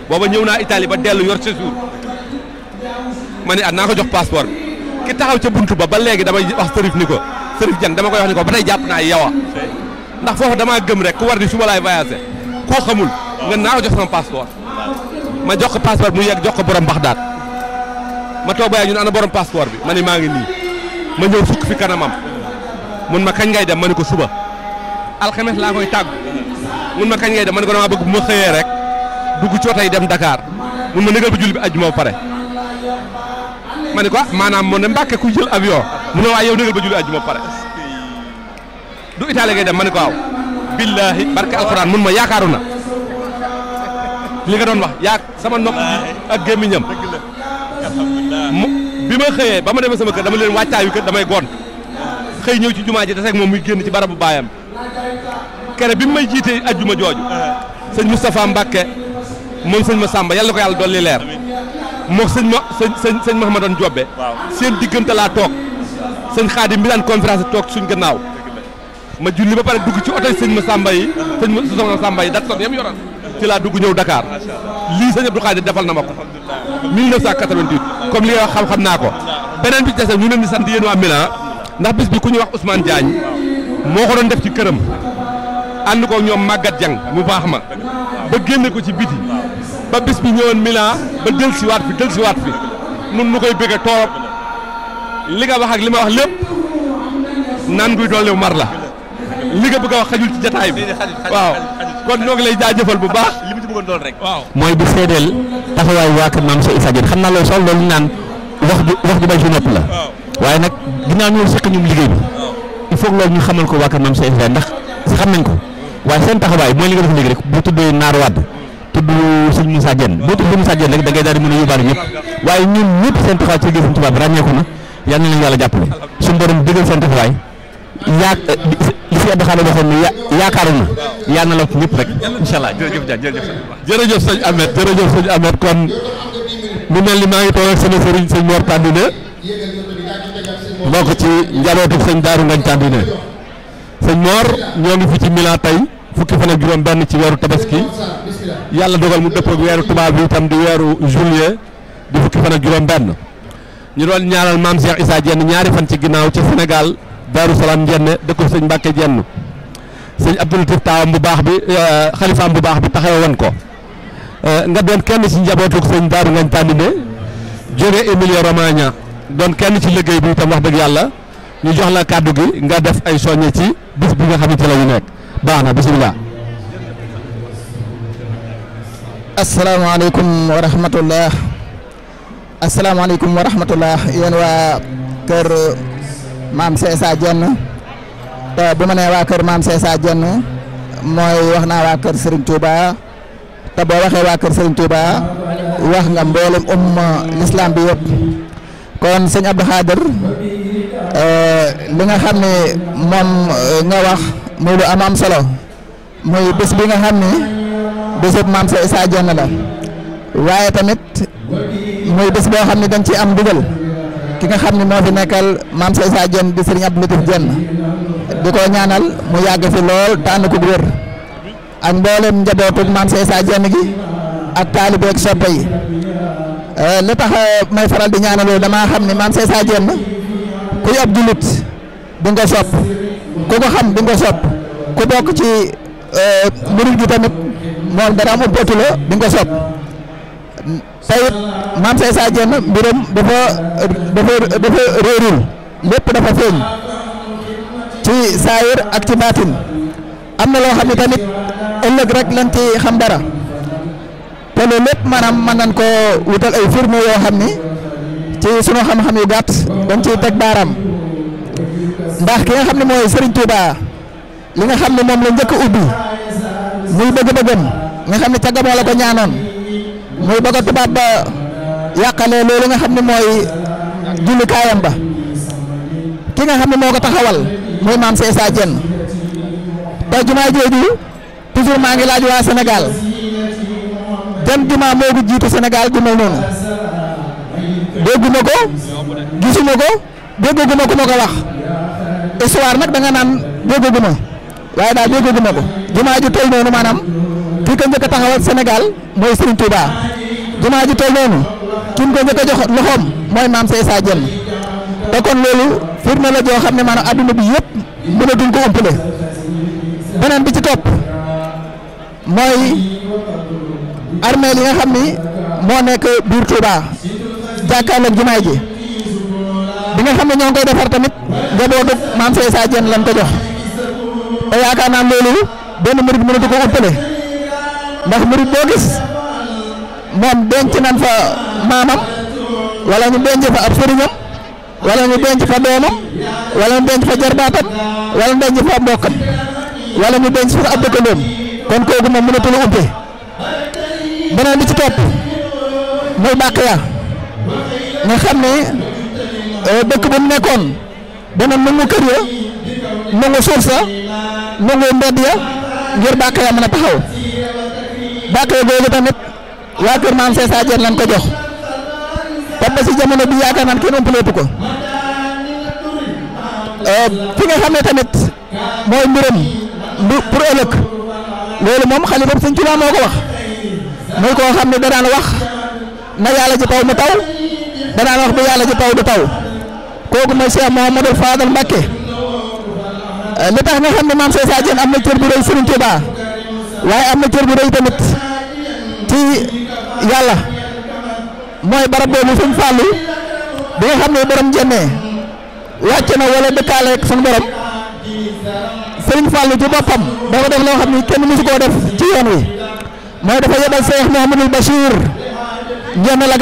booba ñëw naa Italie ba dellu yor séjour ma ne at ah, naa ko jox passeport bi ki taxaw ca buntu ba ba léegi damay wax sërif ni ko sërif jang dama koy wax ni ko ba tey jàpp naa yawa ndax foofu damaa gëm rek ku war ni suba laay voyagé koo xamul nga naaw jox sama passeport ma jox ko passeport mu yegg jox ko borom baxdaat ma toog ba ñu ne ana borom passeport bi ma ne maa ngi nii ma ñëw fukk fi kanamam mun ma kañ ngay dem ma ne ko suba alxames laa koy tàggu mun ma kañ ngay dem ma ne ko damaa bëgg bu ma xëyee rek dugg cootay dem Dakar mun ma nëgal bu julli bi ajjuma ba pare ma ne ko ah, maanaam moo ne mbàkke ku jël avion mu ne waaye yow nëgal ba julli ajjuma ba pare du Italie ngay dem ma ne ko billahi barke alxuraan mun ma yaakaaru na li nga doon wax yaa sama nopp ak gémmiñam bi ma xëyee ba ma demee sama kër dama leen wàccaayu kër damay gont xëy ñëw ci jumaa ji taseeg moom muy génn ci barabu baayam kere bi mu may jiite ajjuma jooju sëñ Moustapha Mbacke moom sëñ ma sàmba yàlla ko yàlla dolli leer moo sëñ ma sëñ sëñ sëñ Mahamadan Jobbe seen diggante laa toog sëñ Xaadim bi daan conférence toog suñ gannaaw ma julli ba pare dugg ci oto yi sëñ ma Samba yi sëñ ma soxna Samba yi dat son yam yoroon ci laa dugg ñëw Dakar lii sëñ Abdou Khadir defal na ma ko 1988 comme li nga wax xam-xam naa ko beneen bi des ñu ne di sant yéen waa Milan ndax bis bi ku ñuy wax Ousmane Diagne moo ko doon def ci këram ànd ko ñoom màggat Dieng mu baax ma ba génne ko ci biti ba bis bi ñëwoon Milan ba del si waat fi del si waat fi nun nu koy bëgg a li nga wax ak li ma wax lépp naan guy mar la li nga bëgg a wax xajul ci jataay bi waaw kon ñoo ngi lay jaajëfal bu rek waaw mooy di seedeel taxawaay waa kër maam sa Issa Diène xam naa loolu sol loolu naan wax ju wax ju bay ci nopp la waaye nag ginnaaw ñoo seq ñum liggéey bi il faut loolu ñu xamal ko waa kër maam sa Issa Diène ndax xam nañ ko waaye seen taxawaay mooy li nga def léegi rek bu tuddee naar wadd tudd sëñ Moussa Diène boo tudd Moussa Diène rek da ngay daal di mën a yóbbaale ñëpp waaye ñun ñëpp seen taxawaay ci liggéey Sëñ Tuubaa bi ràññeeku na yal na leen yàlla jàppale suñu borom dëggal seen taxawaay yaa eh, fi Abdou Khadre waxoon ne yaakaaru la ko ñëpp rek incha allah jërëjëf Dia jërëjëf. jërëjëf sëñ Ahmed jërëjëf sëñ Ahmed kon mu mel ni maa ngi toog ak sama sëriñ sëñ Mor ci njabootu sëñ Daaru Ngañ Tandine sëñ Mor ñoo ngi fi ci Milan tey fukki fan ak juróom benn ci weeru tabaski yàlla dogal mu dëpp ak weeru tubaab bi itam di weeru juillet di fukki fan juróom benn ñu doon ñaanal maam Cheikh Issa yenn ñaari fan ci ginnaaw ci Sénégal Daaru Salaam Njenne dëkku sëñ Mbàkke Jenn sëñ Abdul Latif taawam bu baax bi euh, xalifaam bu baax bi taxawoon ko euh, nga doon kenn ci njabootuk sëñ Daaru Ngañ Tandine jóge Emilio Romagna doon kenn ci liggéey bi itam wax dëgg yàlla ñu jox la kàddu gi nga def ay soññe ci bis bi nga xamante la ñu nekk baax na bisimilah. asalaamaaleykum wa rahmatullah asalaamaaleykum wa rahmatullah yéen waa kër. maam Seesa Jenn te bu ma nee waa kër maam Seesa Jenn mooy wax naa waa kër Serigne Touba te boo waxee waa kër Serigne Touba wax nga mboolem umma l'islam bi yëpp kon sëñ Abdou Khader e, li nga xam ne moom nga wax muy lu am am solo muy bés bi nga xam ne bésub maam Seesa Jenn la waaye tamit muy bés boo xam ne dañ ci am dugal. ki nga xam ne moo fi nekkal maam Sey Sa Diène di Serigne Abdou Latif Diène di ko ñaanal mu yàgg fi lool tànn ko wér ak mboolem njabootu maam Sey Sa Diène gi ak taalibe ak soppe yi euh, li tax euh, may faral di ñaanaloo damaa xam ne maam Sey Sa Diène kuy ab jullit di nga sopp ku ko xam di nga sopp ku bokk ci euh, murid gi tamit moom dara amul bëtu di nga sopp tey it maam say sa jenn mbiram dafa dafa réerul lépp dafa feeñ ci saayir ak ci baatin am na loo xam ne tamit ëllëg rek lañ ci xam dara te lépp maanaam mën nañ ko wutal ay firme yoo xam ni ci sunu xam-xam yu gàtt dañ ciy teg baaraam ndax ki nga xam ne mooy Serigne Touba li nga xam ne moom la njëkk ubbi muy bëgg-bëggam nga xam ne ca gamoo la ko ñaanoon. muy bëgg a tubaab ba yàqalee loolu nga xam ne mooy jullikaayam ba ki nga xam ne moo ko taxawal muy maam Ceysa Dieng te jumaa jooju toujours maa ngi laaj waa senegal jëm jumaa moo ko jiitu Sénégal ju mel noonu dégguma ko gisuma ko déggaguma ku ma ko wax histoire nag da nga naan déggaguma waaye daal déggaguma ko jumaa ju tol noonu maanaam. bi ko njëkk a taxawal Sénégal mooy Serigne Touba jumaa ji toll noonu ki ko njëkk jox loxoom mooy maam Cheikh Issa Diène te kon loolu firnde la joo xam ne maanaam adduna bi yëpp mënatuñ ko umpale beneen bi ci topp mooy armée li nga xam ni moo nekk biir Touba jàkkaarloog jumaa ji bi nga xam ne ñoo ngi koy defar tamit njabootu maam Cheikh Issa Diène lañ ko jox te yaakaar naa loolu benn mbir bi mënatu ko umpale. ndax murid boo gis moom denc nan fa maamam wala ñu denc fa ab sëriñam wala ñu denc fa doomam wala ñu denc fa jarbaatam wala ñu denc fa mbokkam wala ñu denc fa ab dëkkandoom kon kooku moom mënatul a umpee beneen bi ci topp muy bàq ya nga xam ne euh, dëkk bu mu nekkoon dana nangu kër ya nangu suuf sa nangu mbedd ya ngir bàq ya mën a taxaw. bàkkee googu tamit waa kër maam see saa jeen lañ ko jox te ba si jamono bi yaakaar naan kenn umpaleetu ko euh, fi nga xam ne tamit mooy mbiram bu pour ëllëg loolu moom xalifa Sëñ Tuubaa moo ko wax muy koo xam ne danaan wax na yàlla ji taw mu taw danaan wax bu yàlla ji taw du taw kooku mooy Cheikh Mouhamadou Fadal Mbacké euh, li tax nga xam ne maam see saa am na cër bu rëy Sëriñ Tuubaa waaye am na cër bu rëy tamit ci yàlla mooy barab boobu suñ fàllu bi nga xam ne borom jennee wàcc na wala dëkkaale ak suñ borom sëriñ fàllu ci boppam dafa def loo xam ne kenn mësu koo def ci yoon wi mooy dafa yebal Cheikh Mouhamadul Bachir jenn la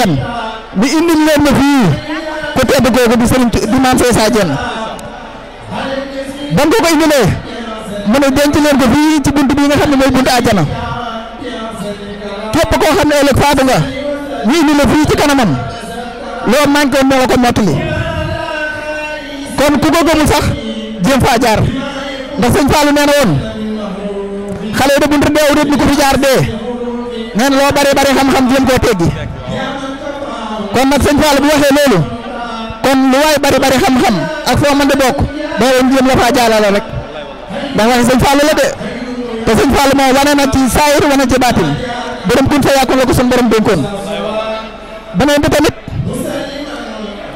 bi indil leen na fii ku tedd googu di sëriñ di maam Seysa Jenn ba mu ko ko indilee mu ne denc leen ko fii ci bunt bi nga xam ne mooy buntu àjjana képp koo xam ne ëllëg faatu nga ñu indi la fii ci kanamam loo manqué woon moo ko mottali kon ku ko gëmul sax jéem faa jaar ndax sëñ Fallou nee na woon xale yi de buntu dee wut ñu ko fi jaar dee nee na loo bari bari xam-xam jéem koo teggi kon nag sëñ Fallou bu waxee loolu kon lu waay bari bari xam-xam ak foo mën di bokk doo leen jéem la faa jaalale rek. ndax wax sëñ Fallou la de te sëñ Fallou moom wane na ci saayir wane ci baatin borom kun fa yàkkoon la ko suñu borom dénkoon beneen bi tamit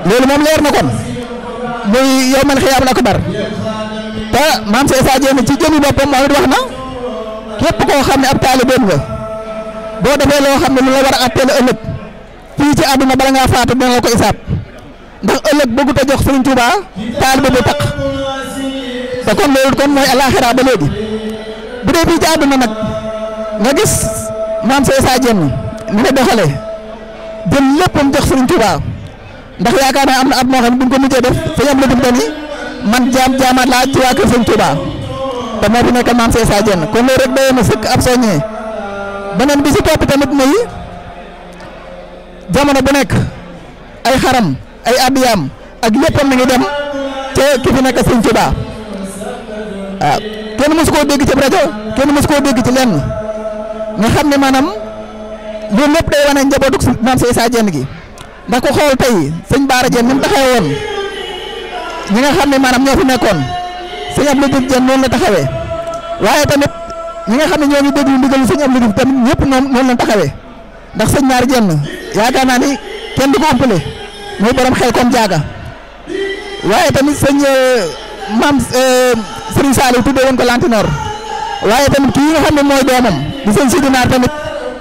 loolu moom leer na kon muy yow man xiyaam la ko bar te maam Cheikh Sadio Dieng ci jëmi boppam moom it wax na képp koo xam ne ab taalibeem nga boo defee loo xam ne lu la war a àtteel ëllëg fii ci àdduna bala ngaa faatu dina ko isaab ndax ëllëg bëggut a jox Sëriñ Tuubaa taalibe bu taq. te kon loolu kon mooy alaxira ba léegi bu dee fii ci àdduna nag nga gis maam say saa jenn ni ne doxalee jël léppam jox Sëriñ Tuubaa ndax yaakaar naa am na at moo xam ne bu ko mujjee def fa yam la dum dani man jaam jaamaat laa ci waa kër Sëriñ Tuubaa te moo fi nekkal maam say saa jenn kon loolu rek bi ci topp tamit mooy jamono bu nekk ay xaram ay addiyaam ak léppam mi ngi dem ca ki fi nekk si Tuubaa waaw ah, kenn mësu koo dégg ci rajo kenn mësu koo dégg ci lenn nga xam ne maanaam loolu lépp day wane njabootu maam Cheikh Issa Diène gi ndax ko xool tey sëñ Baara Diène ni nga xam ne maanaam ñoo fi nekkoon sëñ Abdou Diouf Diène noonu taxawee waaye tamit ñi nga xam ne ñoo ngi déglu ndigalu sëñ Abdou Diouf tamit ñëpp noonu noonu la taxawee ndax sëñ Naar Diène yaakaar naa ni kenn du ko umpale muy borom xel kon jaaga waaye tamit sëñ eh, maam. Eh, Serigne Saliou tuddee woon ko Lantinoor waaye tamit kii nga xam ne mooy doomam di sëñ Sidi Naar tamit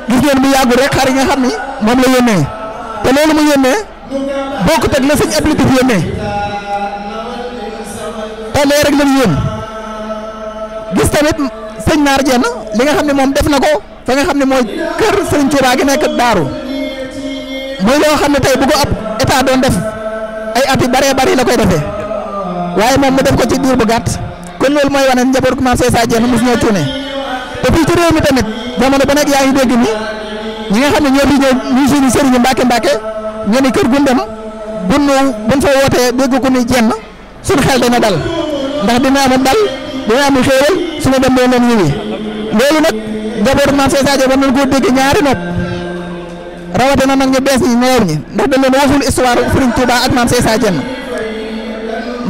gis ngeen bu yàggu rek xar yi nga xam ni moom la yónnee te loolu mu yónnee bokkut ak la sëñ Abdou Latif yónnee te lee rek la ñu gis tamit sëñ Naar jenn li nga xam ne moom def na ko fa nga xam ne mooy kër Serigne Touba gi nekk Daaru mooy loo xam ne tey bu ko ab état doon def ay at yi bëree bëri la koy defee waaye moom mu def ko ci diir bu gàtt. kon loolu mooy wane njaboot gu maam Seysa Dieng mos ñoo cuune te fii ci réew mi tamit jamono bu nekk yaa ngi dégg ni ñi nga xam ne ñoo fi ñëw ñu suñu sëriñu Mbàkke Mbàkke ñu ni kër gundam bu nu bu nu fa wootee dégg ku ni jenn suñu xel dana dal ndax dina am dal dina am xéewal suñu dem doo leen ñëwi loolu nag njaboot gu maam Seysa Dieng war nañu koo dégg ñaari nopp rawatina nag ñu bees ñi ñëw ñi ndax dañ leen waxul histoire Sëriñ Tuubaa ak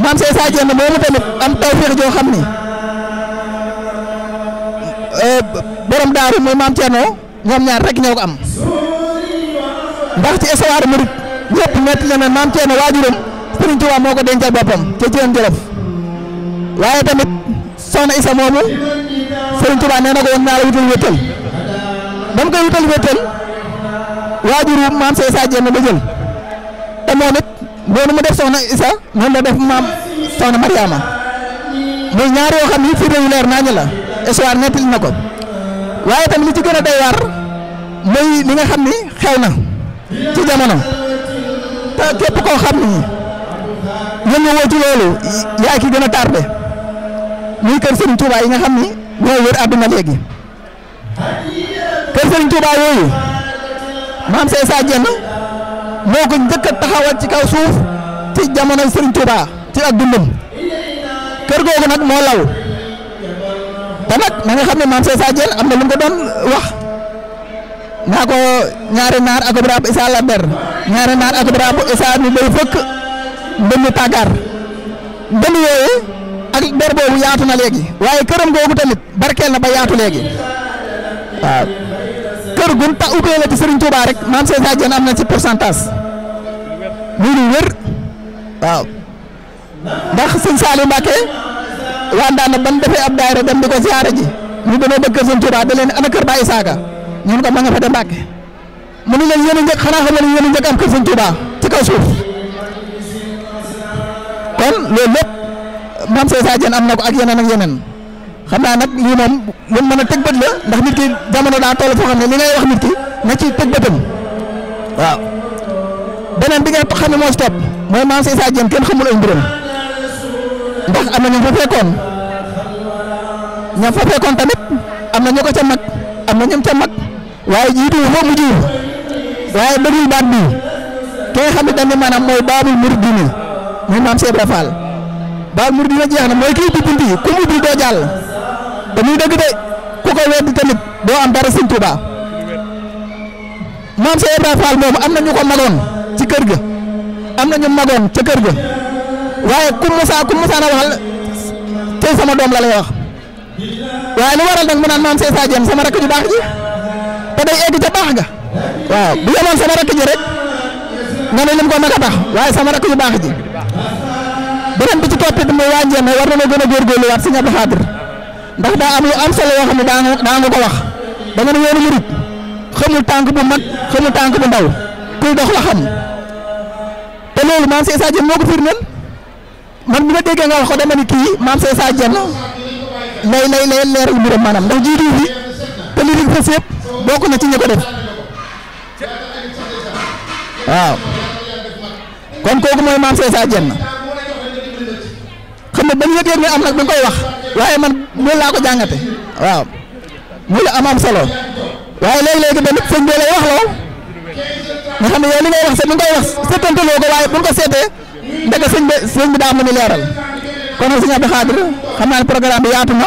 maam Cheikh Issa Diène moomu tamit am tawféex joo xam ni eh, borom daaru muy maam Thierno ñoom ñaar rek ñoo ko am ndax ci histoire murid ñëpp metti na ne maam Thierno waajuram Serigne Isa moomu Serigne Touba nee ko woon naa la wutal wéttal ba mu koy wutal wéttal waajuru maam Cheikh Issa Diène ba jël te moom it loolu mu def soxna Isa noonu la def maam soxna Mariama muy ñaar yoo xam ni firnde yu leer nañu la histoire nettali na ko waaye tamit li ci gën a doy waar muy li nga xam ni xew na ci jamono te képp koo xam ni ki gën a tardé yi nga xam ni ñoo wër àdduna léegi kër Serigne Touba yooyu maam Seysa Dieng. moo ko njëkk a taxawal ci kaw suuf ci jamonoy Serigne Touba ci ak dundam kër googu nag moo law te nag nga xam ne maam Seysa am na lu mu ko doon wax naa ko ñaari naar ak brab isa la ber ñaari naar ak brab isa nu bay fëkk ndëmi tàggaar ndëmi yooyu ak ber boobu yaatu na léegi waaye këram googu tamit barkeel na ba yaatu léegi waaw kër gun ta ubbee la ci Serigne rek maam Cheikh Diagne na ci pourcentage muy lu wér waaw ndax sëñ Saliou Mbacke waa Ndane ban defee ab daayira dem di ko ziare ji ñu dañoo bëgg kër Serigne Touba da leen ana kër Baye Saaga ñun ko ma nga fa dem Mbacke mu ne leen yéen a xanaa xam ne yéen a njëkk am kër Serigne Touba ci kaw suuf kon loolu lépp maam Cheikh Diagne am na ko ak yeneen ak yeneen. xam naa nag lii moom mun mën a teg bët la ndax nit ki jamono daa toll foo xam ne li ngay wax nit ki na ci teg bëtam waaw beneen bi nga xam ne moo si topp mooy Maam Cheikh Issa Diène na ñu fa fekkoon ña am na ñu ca mag am na ñoom ca mag waaye jiitu foofu mu jiw waaye dëggul baat bi ki xam ne dañ ne maanaam mooy baabul muridina muy Maam Cheikh Ibra jeex na mooy kii bi bunti ku mu ubbi doo jàll. te muy dëgg de ku ko weddi tamit doo am dara sëñ Touba maam Cheikh Ibrahima Fall moom am na ñu ko magoon ci kër ga am na ñu magoon ca kër ga waaye ku Moussa ku Moussa waxal tey sama doom la lay wax waaye lu waral nag mu naan maam Cheikh Sa Diène sama rakk ju baax ji te day egg ca baax nga waaw bu yemoon sama rakk ji rek nga ne lim ko a tax waaye sama rakk ju baax ji beneen bi ci toppit mu waa Ndiémé war nañoo gën a góorgóorluwaat a ñebe Xaadir ndax daa am lu am solo xam ne daa nga daa nga ko wax da nga ne yoonu murit xamul tànk bu mag xamul tànk bu ndaw kuy dox la xam te loolu maam Cheikh Issa Diène moo ko firndeel man bi ma déggee ko dama ni kii maam Cheikh Issa Diène lay lay maanaam ndax jiitu fi bokk na ci ñi ko def waaw kon kooku mooy nga ba ñu am nag dañ koy wax waaye man. loolu laa ko jàngate waaw mu la am am solo waaye léeg-léegi benn sëñ bi lay wax loo nga xam ne yow li ngay wax sax mi ngi koy wax seetantaloo ko waaye bu ko seetee ndeke sëñ bi daa mën a leeral kon nag sëñ Abdou Khadir xam naa ne programme yaatu na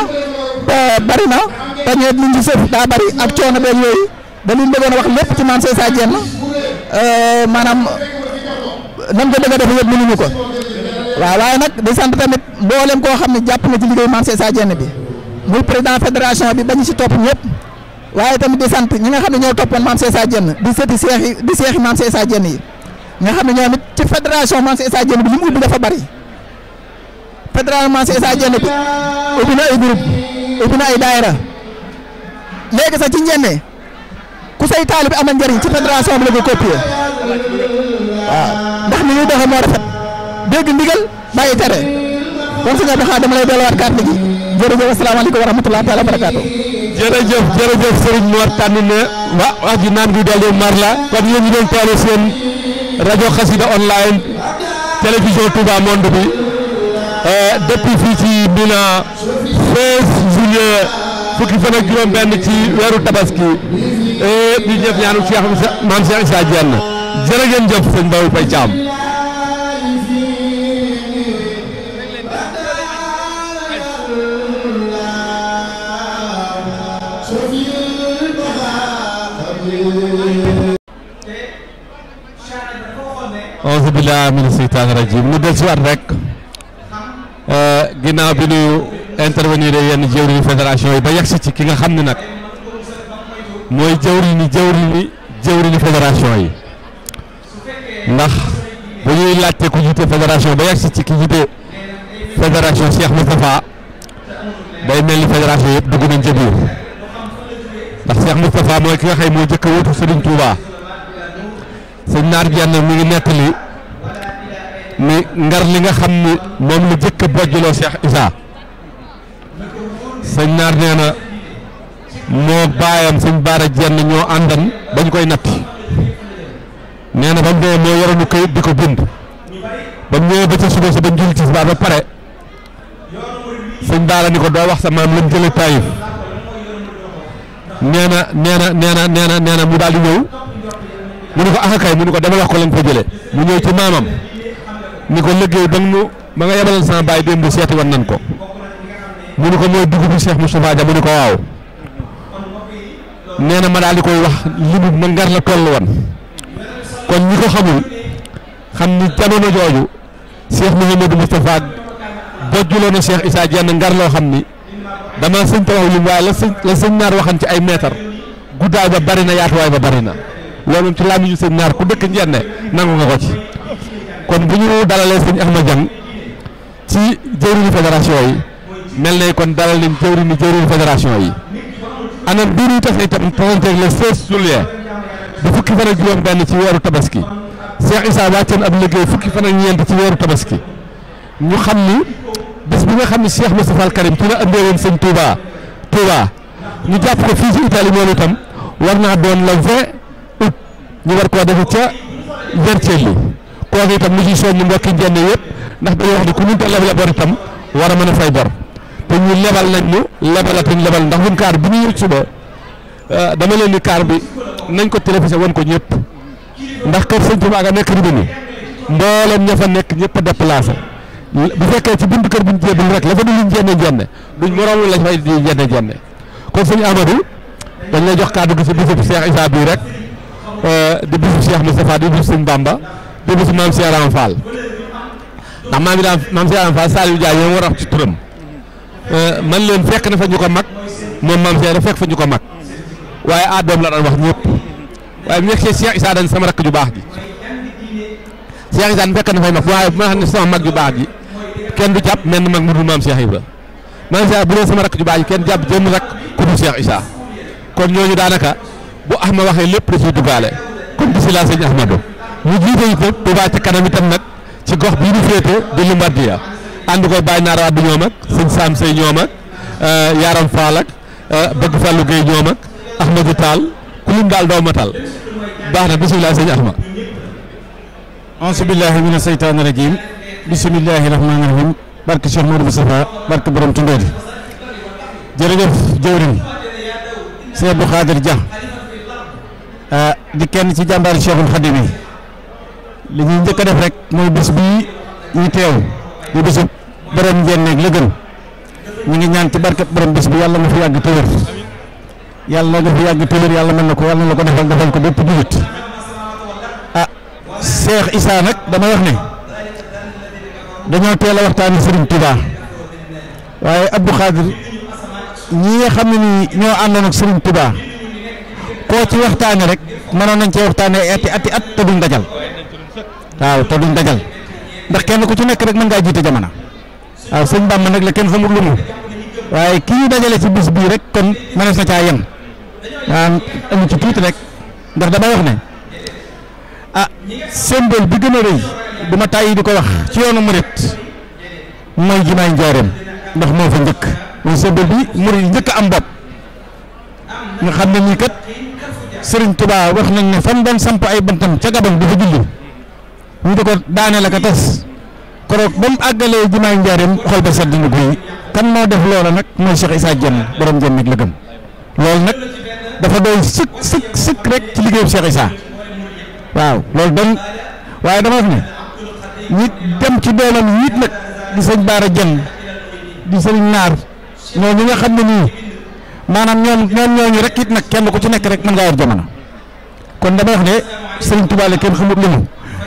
bari na te ñëw liñ ci yooyu ba liñ a wax lépp ci maam Seysa Dieng euh, maanaam nan ko dëgg a def yëpp ko waaw waaye nag di sant tamit mboolem koo xam ne jàpp na ci liggéey maam Seysa Dieng muy président fédération bi bañ si topp ñëpp waaye tamit di sant ñi nga xam ne ñoo toppoon maam Cheikh Issa Diène di sëti yi maam Cheikh Issa Diène yi nga xam ne ñoom it ci fédération maam Cheikh Issa Diène bi li ubbi na ay groupe ubbi na ay daayira léegi sax ci njenne ku say taalibe amal njëriñ ci fédération bi la ko copier waaw ndax ni ñuy doxee moo rafet dégg ndigal bàyyi tere kon su nga doxaa dama lay delluwaat carte gi jërëjëf asalaamaaleykum wa rahmatulah taala barakaatu. jërëjëf jërëjëf Serigne Mor tànn na wa wax ji naan gi dellu mar la kon yéen ñi doon toolu seen rajo Xassida online télévision Touba Monde bi euh, depuis fii ci Mina 16 juillet fukki fan ak juróom-benn ci weeru tabaski et ñun ñëpp ñaanu Cheikh Mame Cheikh Issa Diène jërë ngeen jëf sëñ Mbaye Faye Thiam. auzu billaahi mina seytaani rajiim ñu dellusiwaat rek euh, ginnaaw bi ñu intervenir yenn jëwriñu fédération yi ba yegsi ci ki nga xam ni nag mooy jëwriñu jëwriñu jëwriñu fédération yi ndax ba ñuy laajte ku jiite fédération ba yegsi ci ki jiite fédération Cheikh Moustapha day mel ni fédération yëpp dugg nañ ca ndax Cheikh Moustapha mooy ki nga xëy mooy jëkk a wutu Serigne Touba. sëñ naar jenn mu ngi nekk nettali ni ngar li nga xam ni moom la jëkk a bojjuloo Cheikh Isa sëñ naar neena na moo baayam sëñ baara jenn ñoo àndan bañ koy natt nee na ba mu dee moo yoroonu kayit di ko bind ba mu ñëwee ba ca suba sa ba njul ci ba ba pare sëñ baara ni ko doo wax sa maam lañ jële taayif nee na nee na nee na nee na mu daal di mu ne ko akakay mu ne ko dama wax ko lañ fa jëlee mu ñëw ci maamam ni ko liggéey ba mu ma nga yebalal sama baay démb seeti wan nan ko mu ne ko mooy dugub bi seex Moustapha Dia mu ne ko waaw nee na ma daal di koy wax li mu ma ngar la toll woon kon ñi ko xamul xam ni jamono jooju Cheikh Mouhamadou Moustapha na Cheikh Issa Diène ngar loo xam ni dama sëñ tawaw lim waaye la la sëñ naar waxan ci ay meetar guddaay ba bari na yaatuwaay ba bari na loolu ci laa mi ñu sëñ naar ku dëkk njenne nangu nga ko ci kon bu ñu dalalee sëñ Ahmad Diagne ci jëwriñu fédération yi mel na kon dalal nañ jëwriñu jëwriñu fédération yi anam bii ñuy tax itam présenté le 16 juillet bu fukki fan juróom benn ci weeru tabaski Cheikh Issa wàccoon ab liggéey fukki fan ñeent ci weeru tabaski ñu xam ni bis bi nga xam ni Cheikh Moustapha Al Karim ci la andee woon sëñ Touba ñu jàpp ko fii ci Italie moom itam war naa doon ñu war koo defe ca vertier bi kooku itam mu ci soññ mbokki jenn yëpp ndax dañoo wax ne ku mënta leb lebor itam war a mën a fay bor te ñu lebal nañ ñu lebalatuñ lebal ndax ñun kaar bi mu yëg euh, dama leen ni kaar bi nañ ko télévisé woon ko ñëpp ndax kër sëñ Tuubaa nga nekk ribu ni mbooleem ña fa nekk ñëpp a déplacé bu fekkee ci buntu kër buñ jébbal rek la fa dul jenne jenne duñ la fay di jenne jenne kon sëñ Amadou dañ lay jox bu gi ci bisub Cheikh Issa bi rek Euh, di bisu Cheikh Moustapha di bisu Sëñ Bamba di bisu maam Cheikh Aram Fall ndax maam yi daal maam Cheikh Aram Fall Saliou Diagne war a wax ci turam euh, man leen fekk na fa ñu ko mag moom maam Cheikh ko mag waaye àddoom la daan wax ñëpp waaye bu nekkee Cheikh Issa dañ sama rakk ju baax ji Cheikh Issa fekk na fay mag waaye bu ma xam ne sama mag ju baax ji kenn du jàpp menn mag mu dul maam Cheikh Ibra maam Cheikh bu dee sama rakk ju baax ji kenn jàpp jëmm rakk ku dul Cheikh Issa kon ñooñu daanaka. bu Axma waxee lépp dafay dugaale kon bisimilah sëñ Ahmadou ñu jiite it nag Touba ca kanam itam nag ci gox bii ñu féete di Limbardia ànd ko Baye Naar Abdou ñoom ak sëñ Sam Sey ñoom ak euh, Yaram ak euh, Bëgg Fallou Gueye ñoom ak Ahmadou Tall ku lim daal doo matal baax na bisimilah sëñ Axma. auzu billaahi mina seytaani rajiim bismillaahi rahmaani rahiim barke Cheikh Modou Moustapha barke borom Tundóodi jërëjëf jëwriñ Seydou Khadir Dia. Euh, di kenn ci jàmbaar Cheikhul Khadim yi li ñuy njëkk def rek mooy bis bii ñu teew ñu bisu borom njëriñ ak la gën ñu ngi ñaan ci barkeb borom bis bi yàlla na fi yàgg te wér yàlla nga fi yàgg te wér yàlla mën na ko yàlla na ko defal defal ko bépp jullit ah Cheikh Issa nag dama wax ne dañoo teel a waxtaani Serigne waaye Abdou Khadir ñi nga xam ne nii ñoo àndoon ak Serigne Touba. koo ci waxtaane rek mënoon nañ cee waxtaane ati ati at te duñ dajal waaw te duñ dajal ndax kenn ku ci nekk rek mën ngaa jiite jamono waaw sëñ Bàmba nag la kenn xamul lu mu waaye kii ñu dajale ci bis bii rek kon mënees na caa yem amu ci tuuti rek ndax damay wax ne ah symbole bi gën a rëy di ko wax ci yoonu murit mooy jumaay njaareem ndax moo fa njëkk mooy symbole bi murit njëkk am bopp nga xam ne nii kat Serigne Touba wax nañ ne fam doon samp ay bantam ca Gabon dafa julli ñu di ko daane la ka tas koroog ba mu àggalee jumaay njaareem xol ba sedd na guy kan moo def loola nag mooy Cheikh Issa Diène borom Diène nag la gëm loolu nag dafa doy sëkk sëkk sëkk rek ci liggéeyub Cheikh Issa waaw loolu doon waaye dama wax ne nit dem ci doonam nit nag di sëñ Baara Diène di sëñ Naar ñoo ñi nga xam ne nii maanaam ñoom ñoom ñooñu rek it nag kenn ku ci nekk rek mën ngaa yor jamono kon dama wax ne Serigne Touba la kenn xamut li mu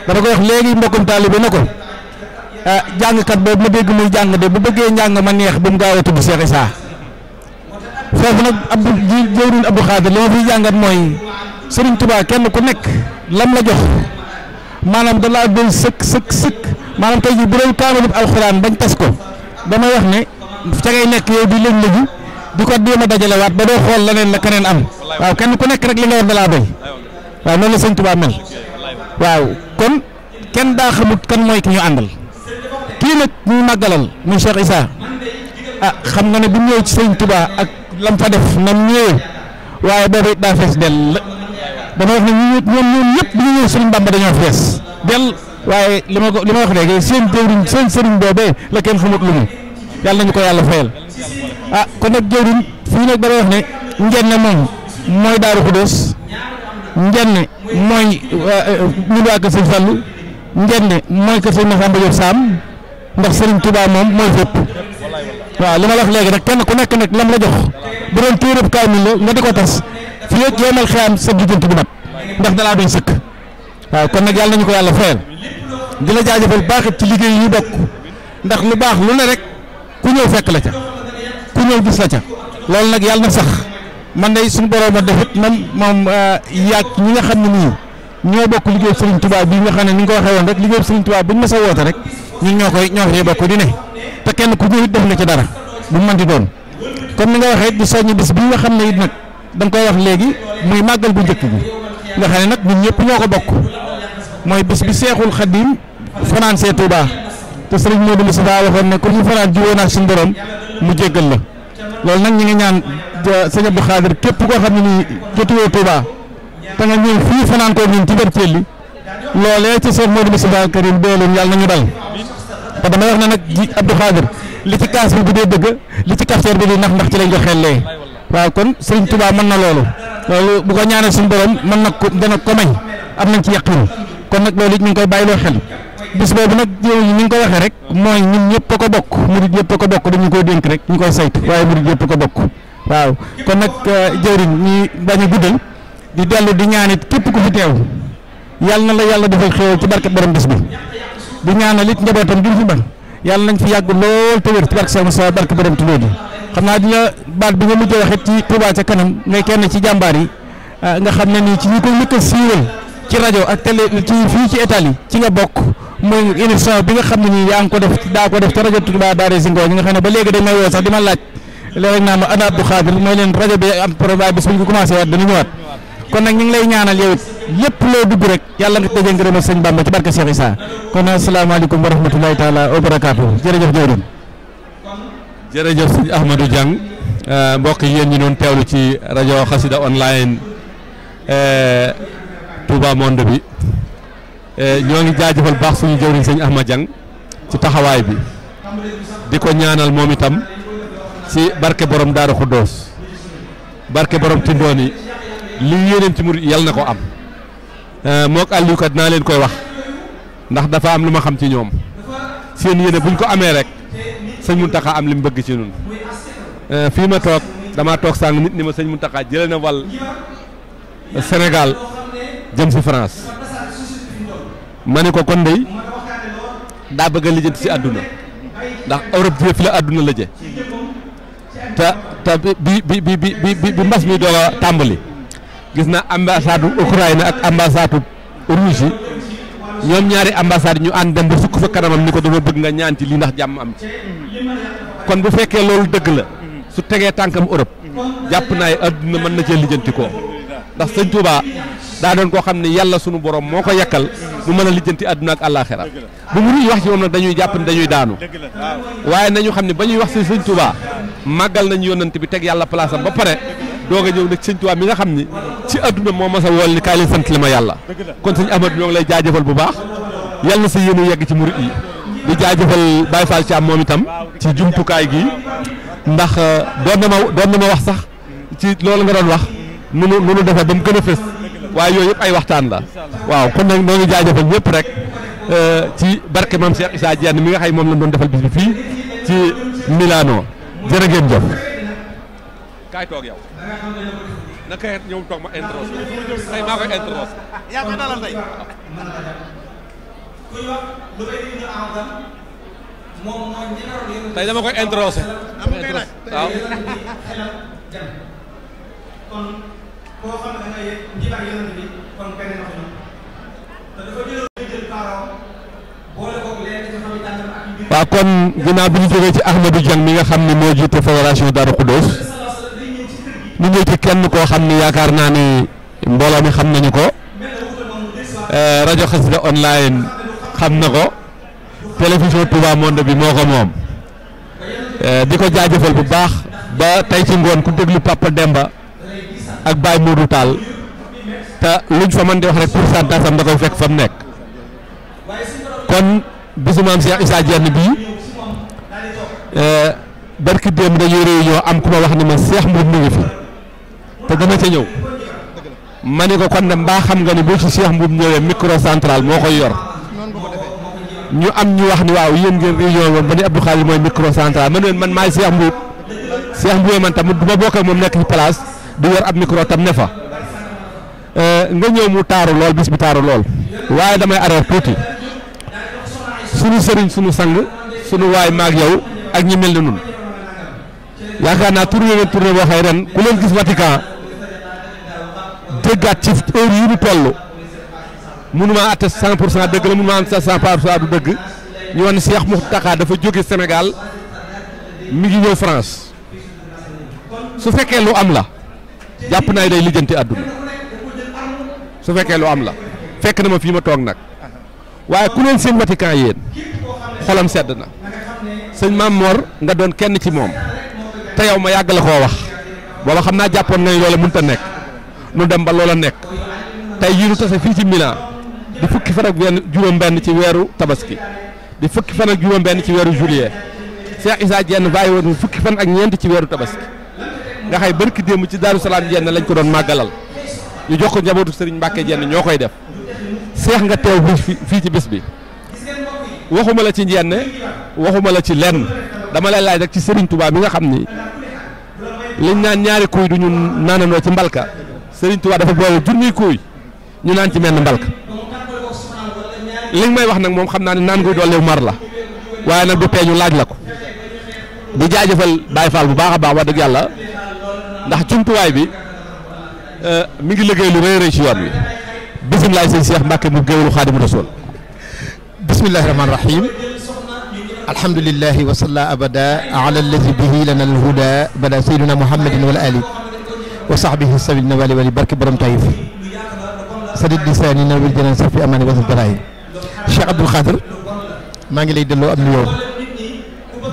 dama koy wax léegi mbokkum taalibe na ko ah jàngkat boobu ma dégg muy jàng de bu bëggee njàng ma neex bu mu gaaw a tudd Cheikh Issa foofu nag Abdou ji jëwriñ Abdou Khadir li ma fiy jàngat mooy Serigne Touba kenn ku nekk lam la jox maanaam da laa doy sëkk sëkk sëkk maanaam tey jii bu doon kaamilub alxuraan bañ tas ko damay wax ne ca ngay nekk yow di léeg-léegi. di ko diima dajalewaat ba doo xool leneen la keneen am waaw kenn ku nekk rek li nga war da laa doy waaw noonu la sëñ Tuubaa mel waaw kon kenn daa xamut kan mooy ki ñu àndal kii nag ñu màggalal muy Cheikh Issa ah xam nga ne bu ñëwee ci sëñ Tuubaa ak lam fa def nam ñëwee waaye boobu it daa fees dell dama wax ne ñu ñoom ñoom ñëpp bu ñu ñëwee Sëriñ Bamba dañoo fees dell waaye li ma ko li ma wax léegi seen jëwriñ seen sëriñ boobee la kenn xamut lu mu yàlla nañu ko yàlla fayal ah kon nag jëwriñ fii nag dama wax ne njenne moom mooy Daaru Xudóos njenne mooy ñun waa kër sëñ Fallu njenne mooy kër sëñ Masamba Diop Sam ndax Serigne Touba moom mooy fépp waaw li ma la wax léegi nag kenn ku nekk nag lam la jox bu doon téereb kaamil la nga di ko tas fii ak yoomal xiyaam sa diggante du mat ndax dalaa doon sëkk waaw kon nag yàlla nañu ko yàlla fayal di la jaajëfal baaxit ci liggéey yi ñu bokk ndax lu baax lu ne rek ku ñëw ñëw gis la ca loolu nag yàlla na sax man na suñu borom a defit moom moom euh, yaag ñi nga xam ne nii ñoo bokk liggéey Serigne Touba bi nga xam ne ni nga ko waxee woon rek liggéey Serigne Touba bu ñu mës a woote rek ñun ñoo koy ñoo koy bokk di ne kenn ku ñëw it def la dara mu mën di doon comme ni nga waxee it di soññi bi nga xam ne it nag da koy wax léegi muy màggal bu njëkk bi nga xam ne nag ñun ñëpp ñoo ko bokk mooy bis bi Seexul Xadim fanaan see Touba te Serigne Modou Moustapha waxoon ne ku fi fanaan jiwoon naa suñu borom mu jéggal la. loolu nag ñu ngi ñaan sëñ Abdou Khadir képp koo xam ne nii jotuwoo Touba te nga ñëw fii fanaan ko ñun ci biir Thiel loolee ci sëñ Modou Moustapha Karim doolum yàlla nañu dal te dama wax ne nag ji Abdou Khadir li ci kaas bi bu dee dëgg li ci kafteer bi di nax ndax ci lañ ko xellee waaw kon sëriñ Touba mën na loolu loolu bu ko ñaanal suñu borom mën na ko dana ko mañ am nañ ci yaqin kon nag loolu ñu ngi koy bàyyiloo xel. bis boobu nag ñu ngi ko waxee rek mooy ñun ñëpp ko bokk murid ñëpp a ko bokk dañu koy dénk rek ñu koy saytu waaye murid ñëpp a ko bokk waaw kon nag euh, jëwriñ ñi bañ a guddal di dellu di ñaanit képp ku fi teew yàlla na la yàlla defal xéewal ci barke borom bis bi di ñaanal it njabootam duñ fi bañ yàlla nañ fi yàgg lool te wér ci barke sama sa barke borom tuddoo ji xam naa dina baat bi nga mujj wax it ci Touba ca kanam ne kenn ci jàmbaar yi euh, nga xam ne nii ci ñi ko njëkk siiwal ci rajo ak télé ci fii ci état yi ci nga bokk mooy émission bi nga xam ne nii yaa ko def daa ko def ca rajo Touba Daara Zingo ñi nga xam ne ba léegi dañ may woo sax di ma laaj léeg-léeg naa ma ana Abdou Khadir mooy leen rajo bi am problème bis bu ñu ko commencé waat dana ñëwaat kon nag ñu ngi lay ñaanal yow it lépp loo dugg rek yàlla nga dajee ngërëmal sëñ Bamba ci barke Cheikh Issa kon asalaamaaleykum wa rahmatulahi taala wa barakaatu jërëjëf jëwrin jërëjëf sëñ Ahmadou Diang euh, mbokk yéen ñi doon teewlu ci rajo Xasida online euh, Touba Monde bi Eh, ñoo ngi jaajëfal baax suñu jëwriñ sëñ Ahmad Diang ci taxawaay bi di ko ñaanal moom itam ci barke borom ko doos barke borom yi li yéeneem ci murit yal na ko am eh, mook Aliou kat naa leen koy wax ndax dafa am lu ma xam ci ñoom seen yéene buñ ko amee rek sëñ Muntaxa am li mu bëgg ci ñun eh, fii ma toog damaa toog sàng nit ni ma sëñ Muntaxa jëlee na wàll Sénégal jëm si France ma ne ko kon dey daa bëgg a lijjanti si àdduna ndax Europe yëpp la àdduna la jë te te bi bi bi bi bi bi mbas mi doog a tàmbali gis na ambassade Ukraine ak ambassade Russie ñoom ñaari ambassade ñu ànd dem ba sukk fa kanamam ni ko dama bëgg nga ñaan ci lii ndax jàmm am ci kon bu fekkee loolu dëgg la su tegee tànkam Europe jàpp naa àdduna mën na cee lijjanti ko ndax sëñ Touba daa doon koo xam ne yàlla sunu borom moo ko yàkkal mu mën a lijjanti àdduna ak àllaaxira bu mu ñuy wax ci moom nag dañuy jàpp ne dañuy daanu waaye nañu xam ne ba ñuy wax ci sëñ Touba màggal nañu yonant bi teg yàlla place am ba pare doog a ñëw nag sëñ Touba mi nga xam ni ci àdduna moo mas a wool ni kaay sant li ma yàlla kon sëñ Ahmad ñoo ngi lay jaajëfal bu baax yàlla na sa yéenu yegg ci mu murit yi di jaajëfal Baye Fall Thiam moom itam ci jumtukaay gi ndax doon na ma doon na wax sax ci loolu nga doon wax nu nu nu defee ba mu gën waaye yooyu yëpp ay waxtaan la waaw kon nag noo ngi jaajëfal ñëpp rek euh, ci barke maam Cheikh Issa mi nga xay moom lañ doon defal bis bi fii ci Milano jërë ngeen jëf. koy introsé. koo kon kenn nax ñoom te ci xam jàngam ak yu bi ñu jógee ci Ahmadou Dieng mi nga xam ne moo jiite fédération Darou Khoudoss ñu ñëw ci kenn koo xam ne yaakaar naa ni mbooloo mi xam nañu ko eh, rajo Xassida online xam na ko télévision Touba Monde bi moo ko moom eh, di ko jaajëfal bu baax ba tey ci ngoon ku déglu Papa Demba ak Baye Modou Tall te luñ fa mën di wax rek pourcentage am da koy fekk fa mu nekk kon bisu maam Cheikh Issa Diène bii euh, barki démb dañuy réunion am ku ma wax ma Cheikh Mbour mu ngi fi te dama ca ñëw ma ne ko kon de mbaa xam nga ni boo ci seex Mbour ñëwee micro central moo koy yor ñu am ñu wax ni waaw yéen ngeen réunion woon ba ni Abdou Khadir mooy micro central ma ne leen man maay Cheikh Mbour Cheikh Mbour man tamit du ma moom nekk ci place. di yor ab micro tam ne fa euh, nga ñëw mu taaru lool bis bi taaru lool waaye damay areer tuuti sunu sëriñ sunu sang sunu waay maag yow ak ñi mel ni nun yaakaar naa tournée leen tournée boo ren ku leen gis Vatican déggaat ci heure yi ñu toll mënuma atte cent pour cent dëgg la mënuma am cent pour cent du dëgg ñu wax ne Cheikh Moustapha dafa jóge Sénégal mi ngi ñëw France su fekkee lu am la jàpp naa day lijjanti àdduna su fekkee lu am la fekk na ma fii ma toog nag waaye ku leen seen Vatican yéen xolam sedd na sëñ Maam nga doon kenn ci moom te yaw ma yàgg la koo wax booba xam naa jàppoon nañu loola mënut a nekk nu dem ba a nekk tey yi nu tase fii ci Milan di fukki fan ak benn juróom-benn ci weeru tabaski di fukki fan ak juróom-benn ci weeru juillet Cheikh Issa Diène bàyyi woon fukki fan ak ñeent ci weeru tabaski. nga xay barki démb ci Daaru Salaam jenn lañ ko doon màggalal ñu jox ko njabootu Serigne Mbacke jenn ñoo koy def seex nga teew bi fii ci bis bi waxuma la ci jenn waxuma la ci lenn dama lay laaj rek ci Serigne Touba nga xam ni liñ naan ñaari kuy du ñu naanandoo ci mbalka sëriñ Touba dafa boole junniy kuy ñu naan ci menn mbalka li may wax nag moom xam naa ne naan guy dolliw mar la waaye nag du peeñu laaj la ko di jaajëfal Baye Fall bu baax a baax wax dëgg yàlla ndax jumtuwaay bi euh, mi ngi liggéey lu rëy rëy ci yoon wi bisimilah sëñ Cheikh Mbacke mu géwélu Xaadimu Rasuul bismillahi rahmaani rahim alhamdulilahi wa salla abada ala allazi bihi lana alhuda bada sayyidina muhammadin wal ali wa sahbihi sabilina wali wali barke borom tayif sadid lisaani nawil janan safi amani wasal barayi Cheikh Abdoul Khadir maa ngi lay delloo am nuyoo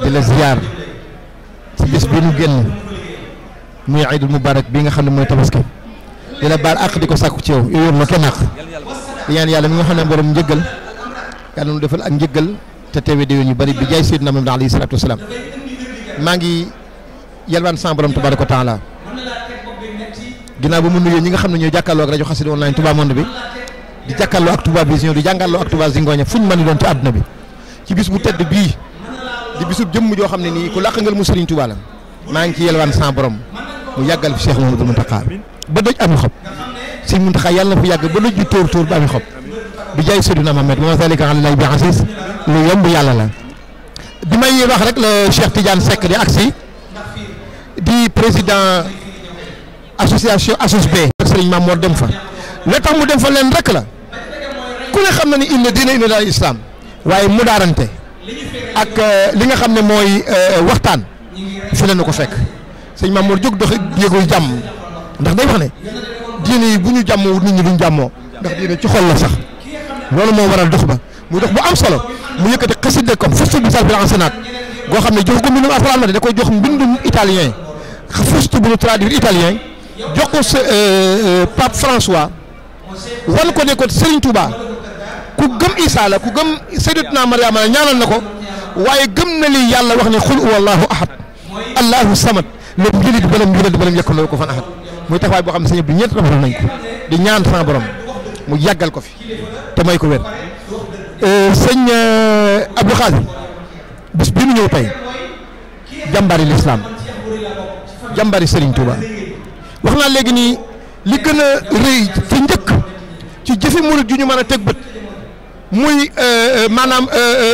di la ziyaar ci bis bi nu génn muy Aïdul Moubarak bi nga xam ne mooy tabaski di la àq di ko sàkku ci yow yow yoon kenn àq di ñaan yàlla mi nga xam ne borom njëggal mu nu defal ak njëggal te teewe déwén yu bari bi jaay Seydina Muhammad alayhi salaatu wa salaam maa ngi yalwaan sa borom tabaaraka wa taala ginnaaw ba mu nuyoo ñi nga xam ne ñoo jàkkaarloo ak rajo xasida online Touba Monde bi di jàkkaarloo ak Touba Vision di jàngaarloo ak Touba Zingoña fu ñu mën di doon ci àdduna bi ci bii di bisub jëmm joo xam ne nii ku làq ngal mu Serigne Touba la maa ngi ci yelwaan san borom mu yàggal fi Cheikh Mamadou Mountakha ba doj ami xob sëñ Mountakha yàlla na yàgg ba doj ju tóor tóor ba ami xob bi jaay Seydina Mohamed wa ma zalika ala bi aziz lu yomb yàlla la bi may wax rek la Cheikh Tidiane Seck di di président association ASUSB ak sëriñ Mamour dem fa la tax mu dem fa leen rek la ku xam na ni inna diina inna waaye mu daarante ak euh, li nga xam ne mooy euh, waxtaan fi la ko fekk sëñ moo jóg dox jéegoy jàmm ndax day wax ne diine yi bu ñu jàmmoo nit ñi duñ jàmmoo ndax diine ci xol la sax loolu moo waral dox ba muy dox bu am solo mu yëkkati xasida comme fustu bi salbil ansanat goo xam ne jox ko mbindum alxuraan la da koy jox mbindum italien fustu bu ñu traduire italien jox ko euh, euh, Pape François wan ko ne ko Serigne Touba ku gëm Isa la ku gëm Sayyidatuna Mariama la ñaanal na ko waaye gëm na li yàlla wax ne xul huwallahu ahad allahu samad lam yëlid walam yulad walam yakun lahu kufuwan ahad muy taxawaay boo xam ne sëñ bi ñeent rafetlu nañ di ñaan sama borom mu yàggal ko fi te may ko wér euh, sëñ euh, Abdou Khadir bis bi mu ñëw tey jàmbaari lislaam jàmbaari Touba wax naa léegi nii li gën a rëy ci njëkk ci jëfe murid ju ñu mën a teg bët muy euh, maanaam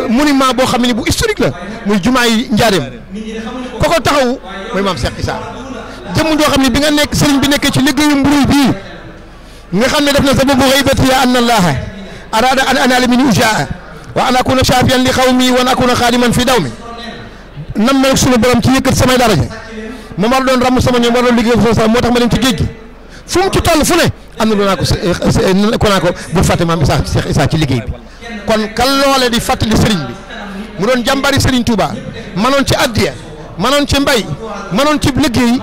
monument boo xam ne bu historique la muy jumaa yi njaareem ba ko taxawu mooy maam Cheikh Issa jëmm joo xam ne bi nga nekk sëriñ bi nekkee ci liggéeyu mburuy bii nga xam ne def na sababu xaybati ya anna allaha arada an anala min ujaa wa an akuna shafiyan li xawmi wa an akuna xaadiman fi daw mi nam ma suñu borom ci yëkkat samay daraja ma war doon ràmm sama ñoom war doon liggéey sama moo tax ma dem ci géej gi fu mu ci toll fu ne am na lu naa ko eh, eh, ku naa ko bu fàtte maam Issa Cheikh Issa ci liggéey bi kon kan loole di fàttali sëriñ bi mu doon jàmbari sëriñ ci addiya manoon ci mbay manoon ci liggéey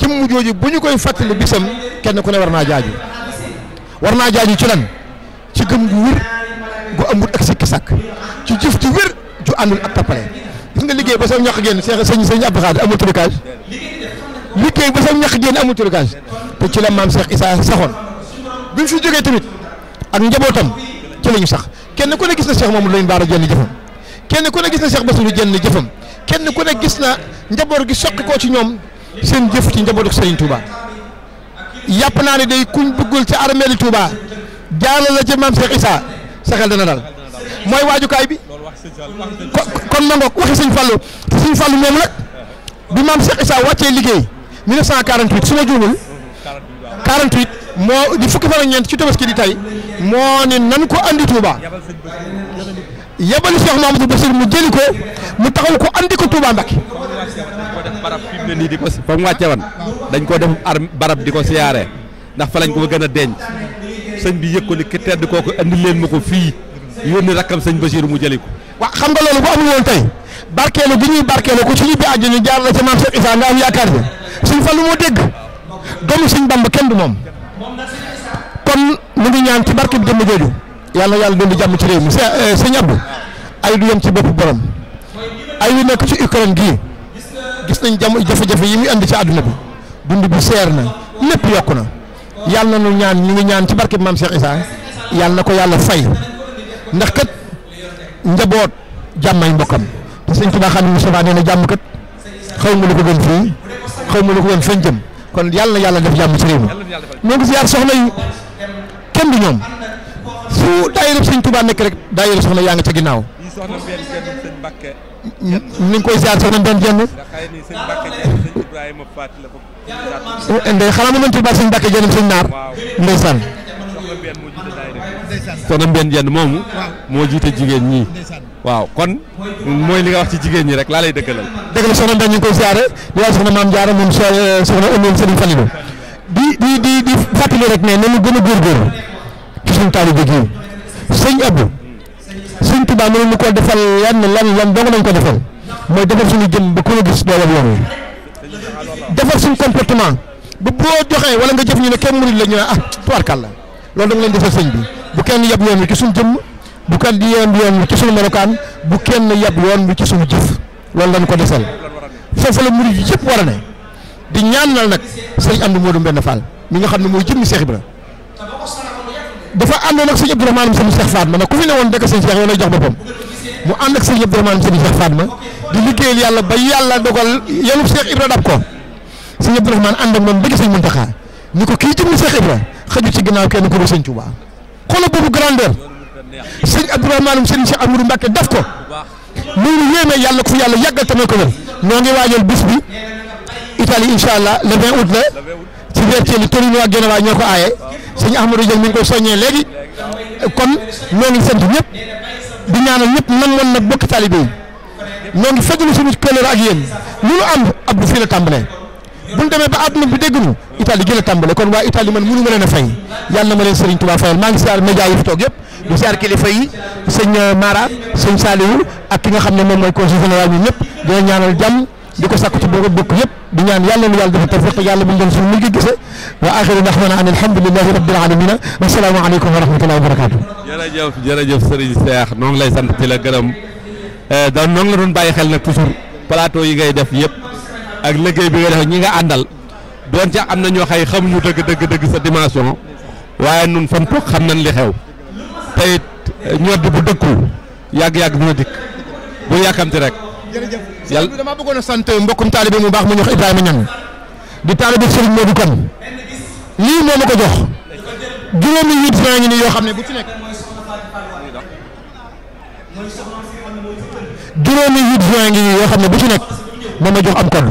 jëmm jooju bu ñu koy fàttali bisam kenn ku ne war naa jaaju war naa jaaju ci lan ci gëm gu wér gu amul ak sikki sàkk ci jëf ju wér ju àndul ak gis nga liggéey ba sam ñax génn seex sëñ sëñ Abdou Khadre amul trucage liggéey ba sam ñax génn amul trucage te ci la maam Seex Isaa saxoon bi mu fi tamit ak njabootam ci la ñu sax kenn ku ne gis na Seex Mamadou Lamine Bara jenn jëfam kenn ku ne gis na Seex Bassirou jenn jëfam kenn ku ne gis na njaboot gi soqi koo ci ñoom seen jëf ci njabootu Serigne Touba yàpp naa ne day kuñ duggul ci armeeli Touba jaarale la ca maam Cheikh Issa saxel dana dal mooy waajukaay bi kon ma ngoog waxi Serigne Fallou te Serigne Fallou moom nag bi maam Cheikh Issa wàccee liggéey 1948 su ma juumul 48 moo di fukki fan ak ñeent ci tabaski di tey moo ni nan ko andi Touba yebali Cheikh Mamadou Bassir mu jëli ko mu taxaw ko andi ko Touba Mbacké. foog mu wàcce woon dañ koo def barab di ko siyaare ndax fa lañ ko gën a denc sëñ bi yëg ko ni ki tedd kooku andi leen ma ko fii yónni rakkam sëñ Bassir mu jëli ko. waaw xam nga loolu bu amul woon tey barkeelu bi ñuy barkeelu ko su ñu bi àjjo jaar la ci maam Cheikh Issa nga am yaakaar bi suñ fa lu moo dégg doomu suñ Bamba kenn du moom. comme mu ngi ñaan ci barkeb jëmm jooju yàlla yàlla doon jàmm ci réew mi eh, sëñ Abdou ay du yem ci bopp borom ay yu nekk ci Ukraine gi gis nañ jam jafe-jafe yi mu andi ci àdduna bi dund bi seer na lépp yokku na yàlla na ñu ñaan ñu ngi ñaan ci barke bi maam Cheikh Issa yàlla na ko yàlla fay ndax kat njaboot jàmmay mbokkam te sëñ Tuubaa xam ne Moustapha nee na jàmm kat xaw ma lu ko gën fii xaw ma lu ko gën fañ jëm kon yàlla na yàlla def jàmm ci réew mi ñoo ngi ziar soxna yi kenn du ñoom fu daayira sëñ Tuubaa nekk rek daayira soxna yaa nga ca ginnaaw ñu ngi koy ziar soxna benn jenn oh, eh, ndey xanaa mën nañ tubaab sëñ Mbàkke jenn sëñ naar ndeysaan soxna benn jenn moomu moo jiite jigéen ñi waaw kon mooy li nga wax ci jigéen ñi rek laa lay dëggalal. dëgg la soxna Mbaye ñu ngi koy siyaare di wax soxna maam Diarra moom soxna Oumy Serigne Falilou di di di di fàttali rek ne nañu gën a góorgóorlu ci suñu taalibe gi sëñ Abdou sëñ Tuubaa mënoon ñu ko defal lan lan lan dong nañ ko defal mooy defar suñu jëm ba ku la gis loolu loolu defar suñu comportement bu boo joxee wala nga jëf ñu ne kenn murid la ñu ah tubaarkàlla leen defal sëñ bi bu kenn yab yoon wi ci suñu jëm. bu kat di yoon yoon wi ci bu kenn yab yoon wi ci suñu jëf loolu lañ ko desal foofu la murid yi yëpp war a ne di ñaanal nag sëñ Amdi Moodu Mbend Fall mi nga xam ne mooy jëmmi Cheikh Ibra dafa àndoon ak sëñ Abdourahmane m sëñ Cheikh Fatma nag ku fi ne woon dëkk sëñ Cheikh yow lay jox boppam mu ànd ak sëñ Abdourahmane m sëñ Cheikh Fatma di liggéeyal yàlla ba yàlla dogal yelub Cheikh Ibra dab ko sëñ Abdourahmane ànd ak moom bëgg sëñ Muntaxa ni ko kii jëmmi Cheikh Ibra xëju ci ginnaaw kenn ku dul sëñ Tuubaa xoolal boobu grandeur sëñ Abdourahmane sëñ Cheikh Amadou Mbacke def ko loolu yéeme yàlla ko fi yàlla yàggal tamit ko wér ñoo ngi waajal bis bi Italie incha allah le 20 août la ci biir Thiel Torino koy soññee léegi kon ñoo sant ñëpp di ñaanal ñëpp nan woon nag bokk taalibe yi ñoo ak yéen nu am Abdou fii la tàmbalee. bu ñu demee ba àdduna bi dégg ñu Italie gi la tàmbale kon waa Italie man mënu ma leen a fay yàlla ma leen Serigne Touba fayal maa ngi siyaar média yi fi toog yëpp di siyaar kilifa yi sëñ euh, Mara sëñ Saliou ak ki nga xam ne moom mooy conseil général bi ñëpp dina ñaanal jàmm di ko sakku ci boobu bokk yëpp ñaan yàlla na yàlla dafa tawfiq yàlla buñ doon suñu mujj gisee wa axiru daxwana an alhamdulilahi rabbil alamina wa salaamu aleykum wa rahmatullahi wa barakatu jërëjëf jërëjëf Serigne noo euh, la doon bàyyi xel nag toujours plateau yi ngay def yëpp ak liggéey bi nga def ñi nga àndal doon ca am na ñoo xay xamuñu dëgg dëgg dëgg sa dimension waaye nun fan toog xam nañ li xew te it ñoddi bu dëkkul yàgg-yàgg dina dikk bu yàkkamti rek yàlla a sant mbokkum taalibe mu baax mu ñox Ibrahima Niang di taalibe Serigne Modou Kane lii moo ma ko jox juróomi huit vingt ngi ni yoo xam ne bu ci nekk juróomi huit vingt ngi ci nekk moo ma jox am kon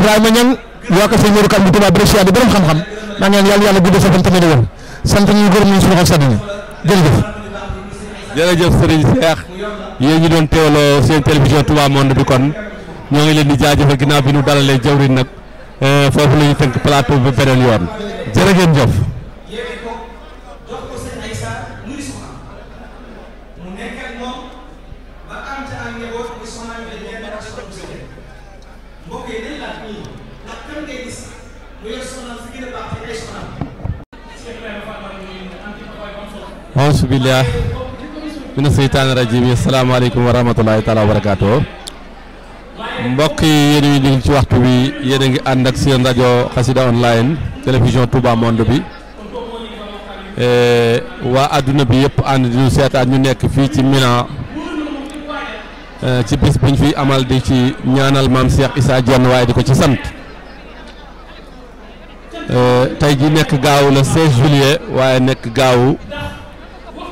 Ibrahima Niang waa ko sëñ Modou Kane bu Touba Brescia di borom xam-xam yàlla yàlla gudd sa fan tamit wér sant ñu gërëm ñu suñu xol sedd na jërëjëf. jërëjëf Serigne Cheikh yéen ñu doon teewloo seen télévision Touba Monde bi kon ñoo ngi leen di jaajëfal naa bi ñu dalalee jawrin nag eh, foofu la ñu tënk plateau ba beneen yoon jërë ngeen jëf auzu billah mina seytaani rajim asalaamaaleykum wa rahmatulahi taala wa barakaatu mbokk yi yéen ñuy ci waxtu wi yéen a ngi ànd ak seen rajo xasida online télévision Touba Monde bi eh, waa adduna bi yëpp ànd di ñu seetaan ñu nekk fii ci Milan eh, ci bis biñ fi amal di ci ñaanal maam Cheikh Issa Diène waaye di ko ci sant eh, tey ji nekk gaawu le 16 waaye nekk gaawu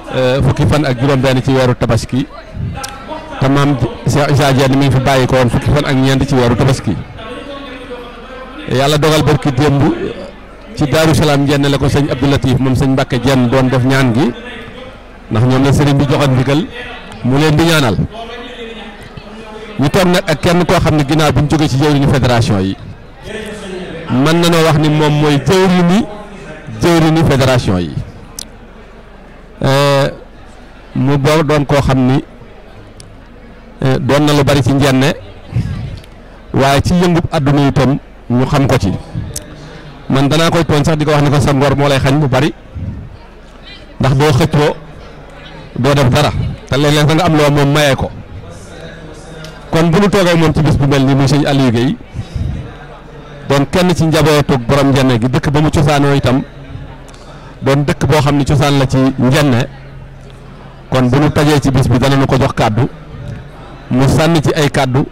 Euh, fukki fan ak juróom-benn ci weeru tabaski te maam Cheikh Issa Diène mi ngi fi bàyyi ko fukki fan ak ñeent ci weeru tabaski yàlla dogal barki démb ci Daaru Salaam Diène la ko sëñ Abdou Latif moom sëñ Mbàkke Diène doon def ñaan gi ndax ñoom la sëriñ bi joxoon ndigal mu leen di ñaanal ñu toog nag ak kenn koo xam ne ginnaaw bi ñu jógee ci jëwriñu fédération yi mën na noo wax ni moom mooy jëwriñu jëwriñu fédération yi. mu boo doon koo xam ni eh, doon na lu bari ci njenne waaye ci yëngub àdduna itam ñu xam ko ci man danaa koy tooñ sax di ko wax ne ko sa ngor moo lay xañ mu bari ndax boo xëccoo doo def dara te léeg-léeg am loo moom mayee ko kon bu nu toogee moom ci bis bu mel nii muy sëñ Aliou Guèye doon kenn ci njabootug borom njenne gi dëkk ba mu cosaanoo itam doon dëkk boo xam ne cosaan la ci njenne kon bu nu tajee ci bis bi dana nu ko jox kàddu mu sànni ci ay kàddu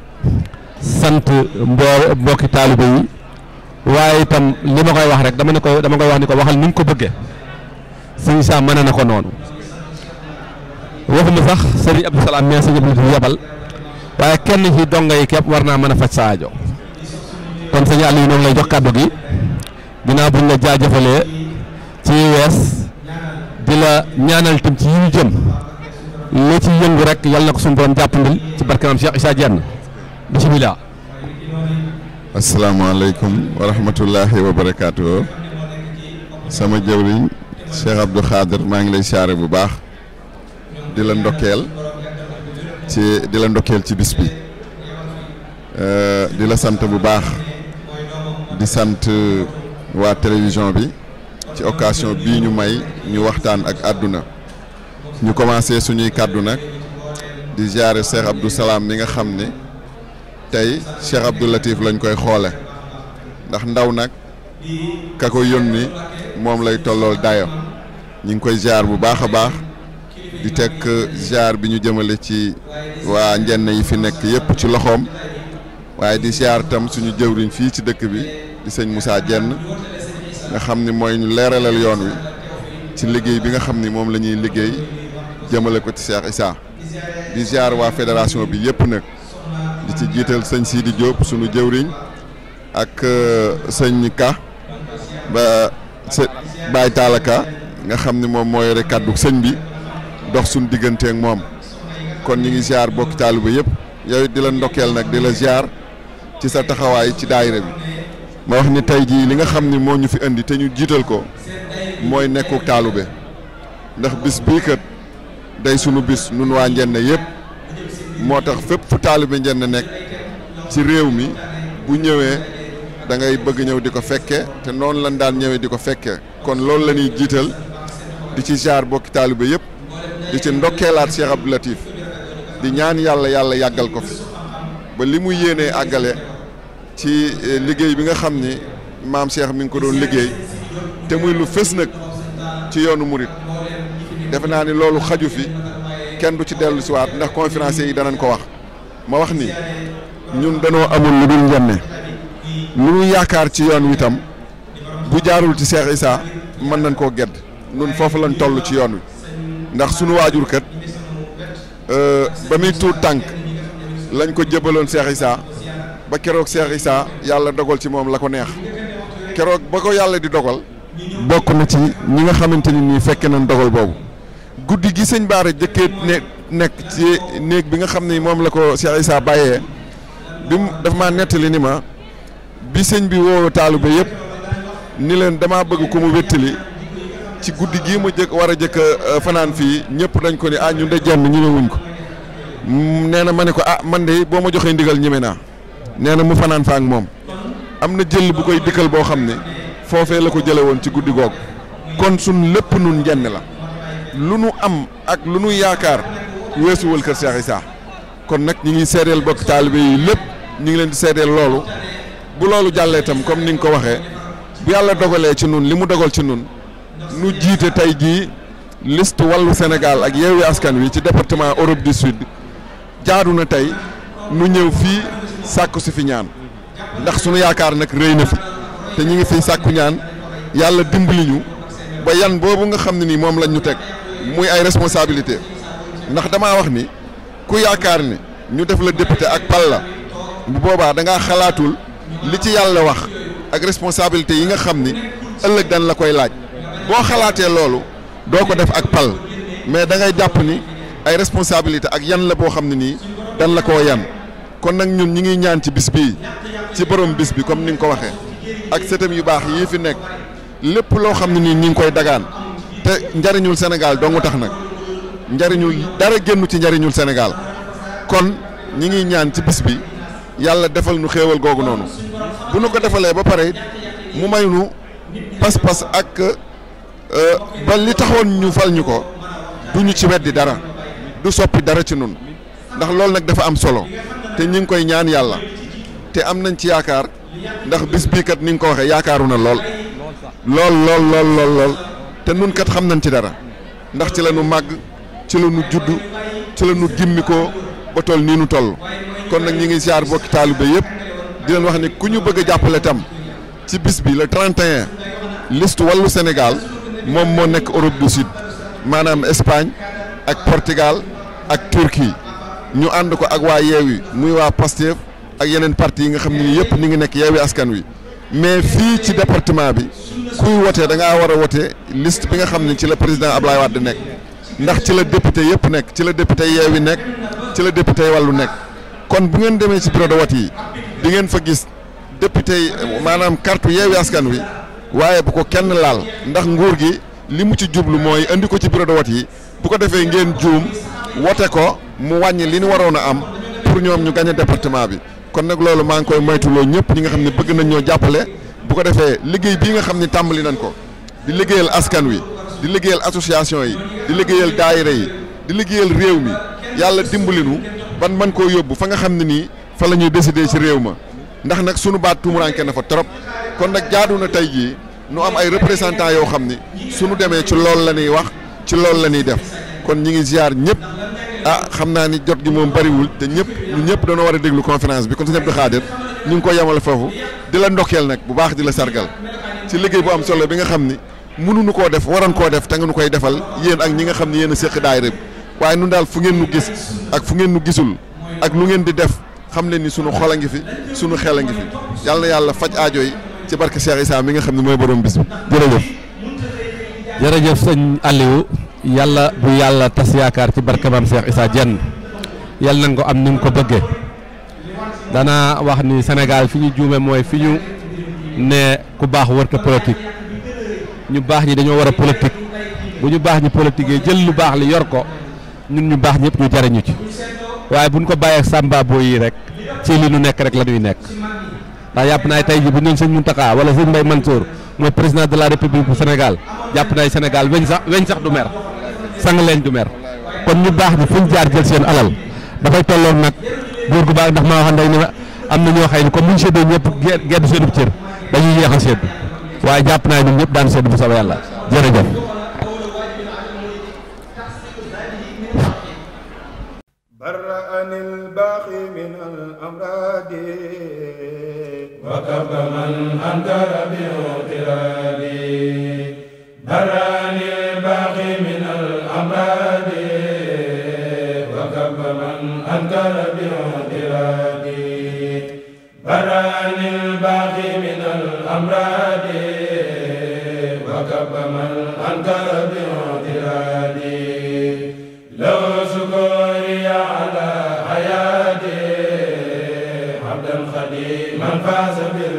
sant mboo mbokki taalibe yi waaye itam li ma koy wax rek dama ne ko dama koy wax ni ko waxal ni nga ko bëggee sëñ Sam mën na ko noonu waxuma sax sëriñ Abdou Salaam mais sëriñ Abdou yebal waaye kenn ci donga yi képp war naa mën a faj sa aajo kon sëñ Aliou noonu lay jox kàddu gi ginnaaw buñ la jaajëfalee ci wees di la ñaanal tam ci yi jëm loo ci yëngu rek yàlla na ko suñu borom jàppandil ci barkanam Cheikh Issa Diène bisimilah. asalaamaaleykum wa rahmatullahi wa barakaatu. sama jëwriñ Cheikh Abdou Khader maa ngi lay saare bu baax di la ndokkeel ci di la ndokkeel ci bis bi euh, di la sant bu baax di sant waa télévision bi. ci occasion bii ñu may ñu waxtaan ak àdduna ñu commencé suñuy kàddu nag di jaare Cheikh Abdou Salaam mi nga xam ne tey Cheikh Abdou Latif lañ koy xoole ndax ndaw nag ka ko yónni moom lay tollool dayo ñu ngi koy jaar bu baax a baax di teg jaar bi ñu jëmale ci waa njenn yi fi nekk yépp ci loxoom waaye di jaar tam suñu jëwriñ fii ci dëkk bi di sëñ Moussa jenn nga xam ni mooy leeralal yoon wi ci liggéey bi nga xam ni moom lañuy liggéey jëmale ko ci Cheikh Issa di ziar waa fédération bi yëpp nag di ci jiital sëñ sii di Diop suñu jëwriñ ak euh, sëñ Ka ba së Baye Talla nga xam ni moom mooy yore kàddu sëñ bi dox suñu digganteek moom kon ñu ngi ziar bokki taaliba yëpp yow di la ndokkeel nag di la ziar ci sa taxawaay ci daayre bi ma wax ni tey jii li nga xam ni moo ñu fi indi te ñu jiital ko mooy nekku taalube ndax bis bii kat day sunu bis nun waa njenn yëpp moo tax fépp fu taalube njenn nekk ci réew mi bu ñëwee dangay bëgg ñëw di ko fekke te noonu lañ daan ñëwee di ko fekke kon loolu la ñuy jiital di ci jaar bokki taalube yëpp di ci ndokkeelaat Cheikh Latif di ñaan yàlla yàlla yàggal ko fi ba li mu yéenee àggale ci eh, liggéey bi nga xam ni maam Cheikh mi ngi ko doon liggéey te muy lu fës nag ci yoonu murit defe naa ni loolu xaju fi kenn du ci dellu si waat ndax conférenciers yi danañ ko wax ma wax ni ñun danoo amul lu dul njenne lu ñu yaakaar ci yoon wi tam bu jaarul ci Cheikh Issa mën nañ koo gedd nun foofu lañ toll ci yoon wi ndax sunu waajur kat eh, ba muy tuut tànk lañ ko jëbaloon Cheikh Issa ba keroog Cheikh saa yàlla dogal ci moom la ko neex keroog ba ko yàlla di dogal bokk na ci ñi nga xamante ni nii fekke nañ dogal boobu guddi gi sëñ Baara jëkkee ne nekk ci néeg bi nga xam ni moom la ko Cheikh saa bàyyee bi mu daf maa nettali ni ma bi sëñ bi woo taalibe yëpp ni leen damaa bëgg ko mu wéttali ci guddi gii ma jëkk war a jëkk fanaan fii ñëpp dañ ko ni ah ñun de jenn ñemewuñ ko nee na ma ne ko ah man de boo ma joxee ndigal ñeme naa nee na mu fanaan fa ak moom am na jël bu koy dikkal boo xam ne foofee la ko jële woon ci guddi googu kon sun lépp nun njenn la lu nu am ak lu nuy yaakaar weesuwal kër Cheikh Issa kon nag ñi ngi seedeel bokk taalibe yi lépp ñi ngi leen di seedeel loolu bu loolu jàllee itam comme ni nga ko waxee bu yàlla dogalee ci nun li mu dogal ci nun nu jiite tey jii liste wallu Sénégal ak yeewi askan wi ci département Europe du Sud jaadu na tey nu ñëw fii sàkku si fi ñaan ndax sunu yaakaar nag rëy na fi te ñu ngi fiy sàkku ñaan yàlla dimbali ñu ba yan boobu nga xam ne nii moom lañ ñu teg muy ay responsabilité ndax damaa wax ni ku yaakaar ni ñu def la député ak pal la bu boobaa da ngaa xalaatul li ci yàlla wax ak responsabilité yi nga xam ni ëllëg dañ la koy laaj boo xalaatee loolu doo ko def ak pal mais da ngay jàpp ni ay responsabilité ak yan la boo xam ne nii dan la koo yan kon nag ñun ñi ngi ñaan ci bis bi ci borom bis bi comme ni nga ko waxee ak setam yu baax yii fi nekk lépp loo xam ne nii ñi ngi koy dagaan te njariñul Sénégal dong tax nag njariñul dara génn ci njariñul Sénégal kon ñi ngi ñaan ci bis bi yàlla defal nu xéewal googu noonu bu nu ko defalee ba pare mu may nu pas-pas ak euh, ba li taxoon ñu fal ñu ko du ñu ci weddi dara du soppi dara ci nun ndax loolu nag dafa am solo te ñu ngi koy ñaan yàlla te am nañ ci yaakaar ndax bis bii kat ni nga ko waxee yaakaaru na lool lool lool lool lool lool te nun xam nañ ci dara ndax ci la nu màgg ci la nu judd ci la nu gimmikoo ba toll nii nu toll kon nag ñi ngi ziar bokki taalibe yëpp di leen wax ni ku ñu bëgg jàppale tam ci bis bi la 31 liste wàllu Sénégal moom moo nekk Europe du Sud maanaam Espagne ak Portugal ak Turquie ñu ànd ko ak waa Yewwi muy waa Pastef ak yeneen parti yi nga xam ne yëpp ñu ngi nekk Yewwi Askan Wi mais fii ci département bi kuy wote da ngaa war a wote liste bi nga xam ne ci la président Ablaye Wade nekk ndax ci la député yëpp nekk ci la député Yewwi nekk ci la député wàllu nekk kon bu ngeen demee ci bureau de vote yi di ngeen fa gis député yi maanaam carte Yewwi Askan Wi waaye bu ko kenn laal ndax nguur gi li mu ci jublu mooy indi ko ci bureau de vote yi bu ko defee ngeen juum wote ko. mu wàññi li ñu waroon a am pour ñoom ñu gagné departement bi kon nag loolu maa ngi koy moytuloo ñëpp ñi nga xam ne bëgg nañoo jàppale bu ko defee liggéey bii nga xam ni tàmbali nañ ko di liggéeyal askan wi di liggéeyal association yi di liggéeyal daayira yi di liggéeyal réew mi yàlla dimbalinu ban man koo yóbbu fa nga xam ne nii fa la ñuy décider ci réew ma ndax nag sunu baat tuumuranke na fa trop kon nag jaadu na tey jii nu am ay représentants yoo xam ni sunu demee ci loolu la ñuy wax ci loolu la ñuy def kon ñi ngi ziar ñëpp ah xam naa ni jot gi moom bariwul te ñëpp ñu ñëpp dañoo war a déglu conférence bi kon sëñ Abdou Khadir ñu ngi ko yemal foofu di la ndokkeel nag bu baax di la sargal ci liggéey bu am solo bi nga xam ni mënuñu koo def waroon koo def te nga nu koy defal yéen ak ñi nga xam ne yéen a séq daayira bi waaye nun daal fu ngeen nu gis ak fu ngeen nu gisul ak lu ngeen di def xam leen ni sunu xol a ngi fi sunu xel a ngi fi yàlla yàlla faj aajo yi ci barke Cheikh Issa mi nga xam ne mooy borom bi jërëjëf jërëjëf sëñ Aliou yàlla bu yàlla tas yaakaar ci barke maam Cheikh Issa Diène yàlla nañ ko am ni nga ko bëggee danaa wax ni Sénégal fi ñu juume mooy fi ñu ne ku baax wërta politique ñu baax ñi dañoo war a politique bu ñu baax ñi politique yi jël lu baax li yor ko ñun ñu baax ñëpp ñu jariñu ci waaye bu ñu ko bàyyee sàmba boo yi rek ci li nu nekk rek la ñuy nekk ndax yàpp naa tey ji bu ñu sëñ Mountakha wala sëñ Mbaye Mansour mooy président de la république bu Sénégal jàpp naay Sénégal weñ sax weñ sax du mer sang leen du mer kon ñu baax ñi fu ñu jaar jël seen alal dafay tolloon nag góor gu baax ndax maa waxoon day am na ñoo xëy ni comme bu ñu séddoo ñëpp gedd seenub cër dañuy yéex a séddu waaye jàpp naa ñun ñëpp daan séddu bu soobee yàlla jërëjëf. برأني وكب من أنكر باغترابي براني الباقي من الأمراض وكب من أنكر باغترابي براني الباقي من الأمراض وكب من أنكر فاز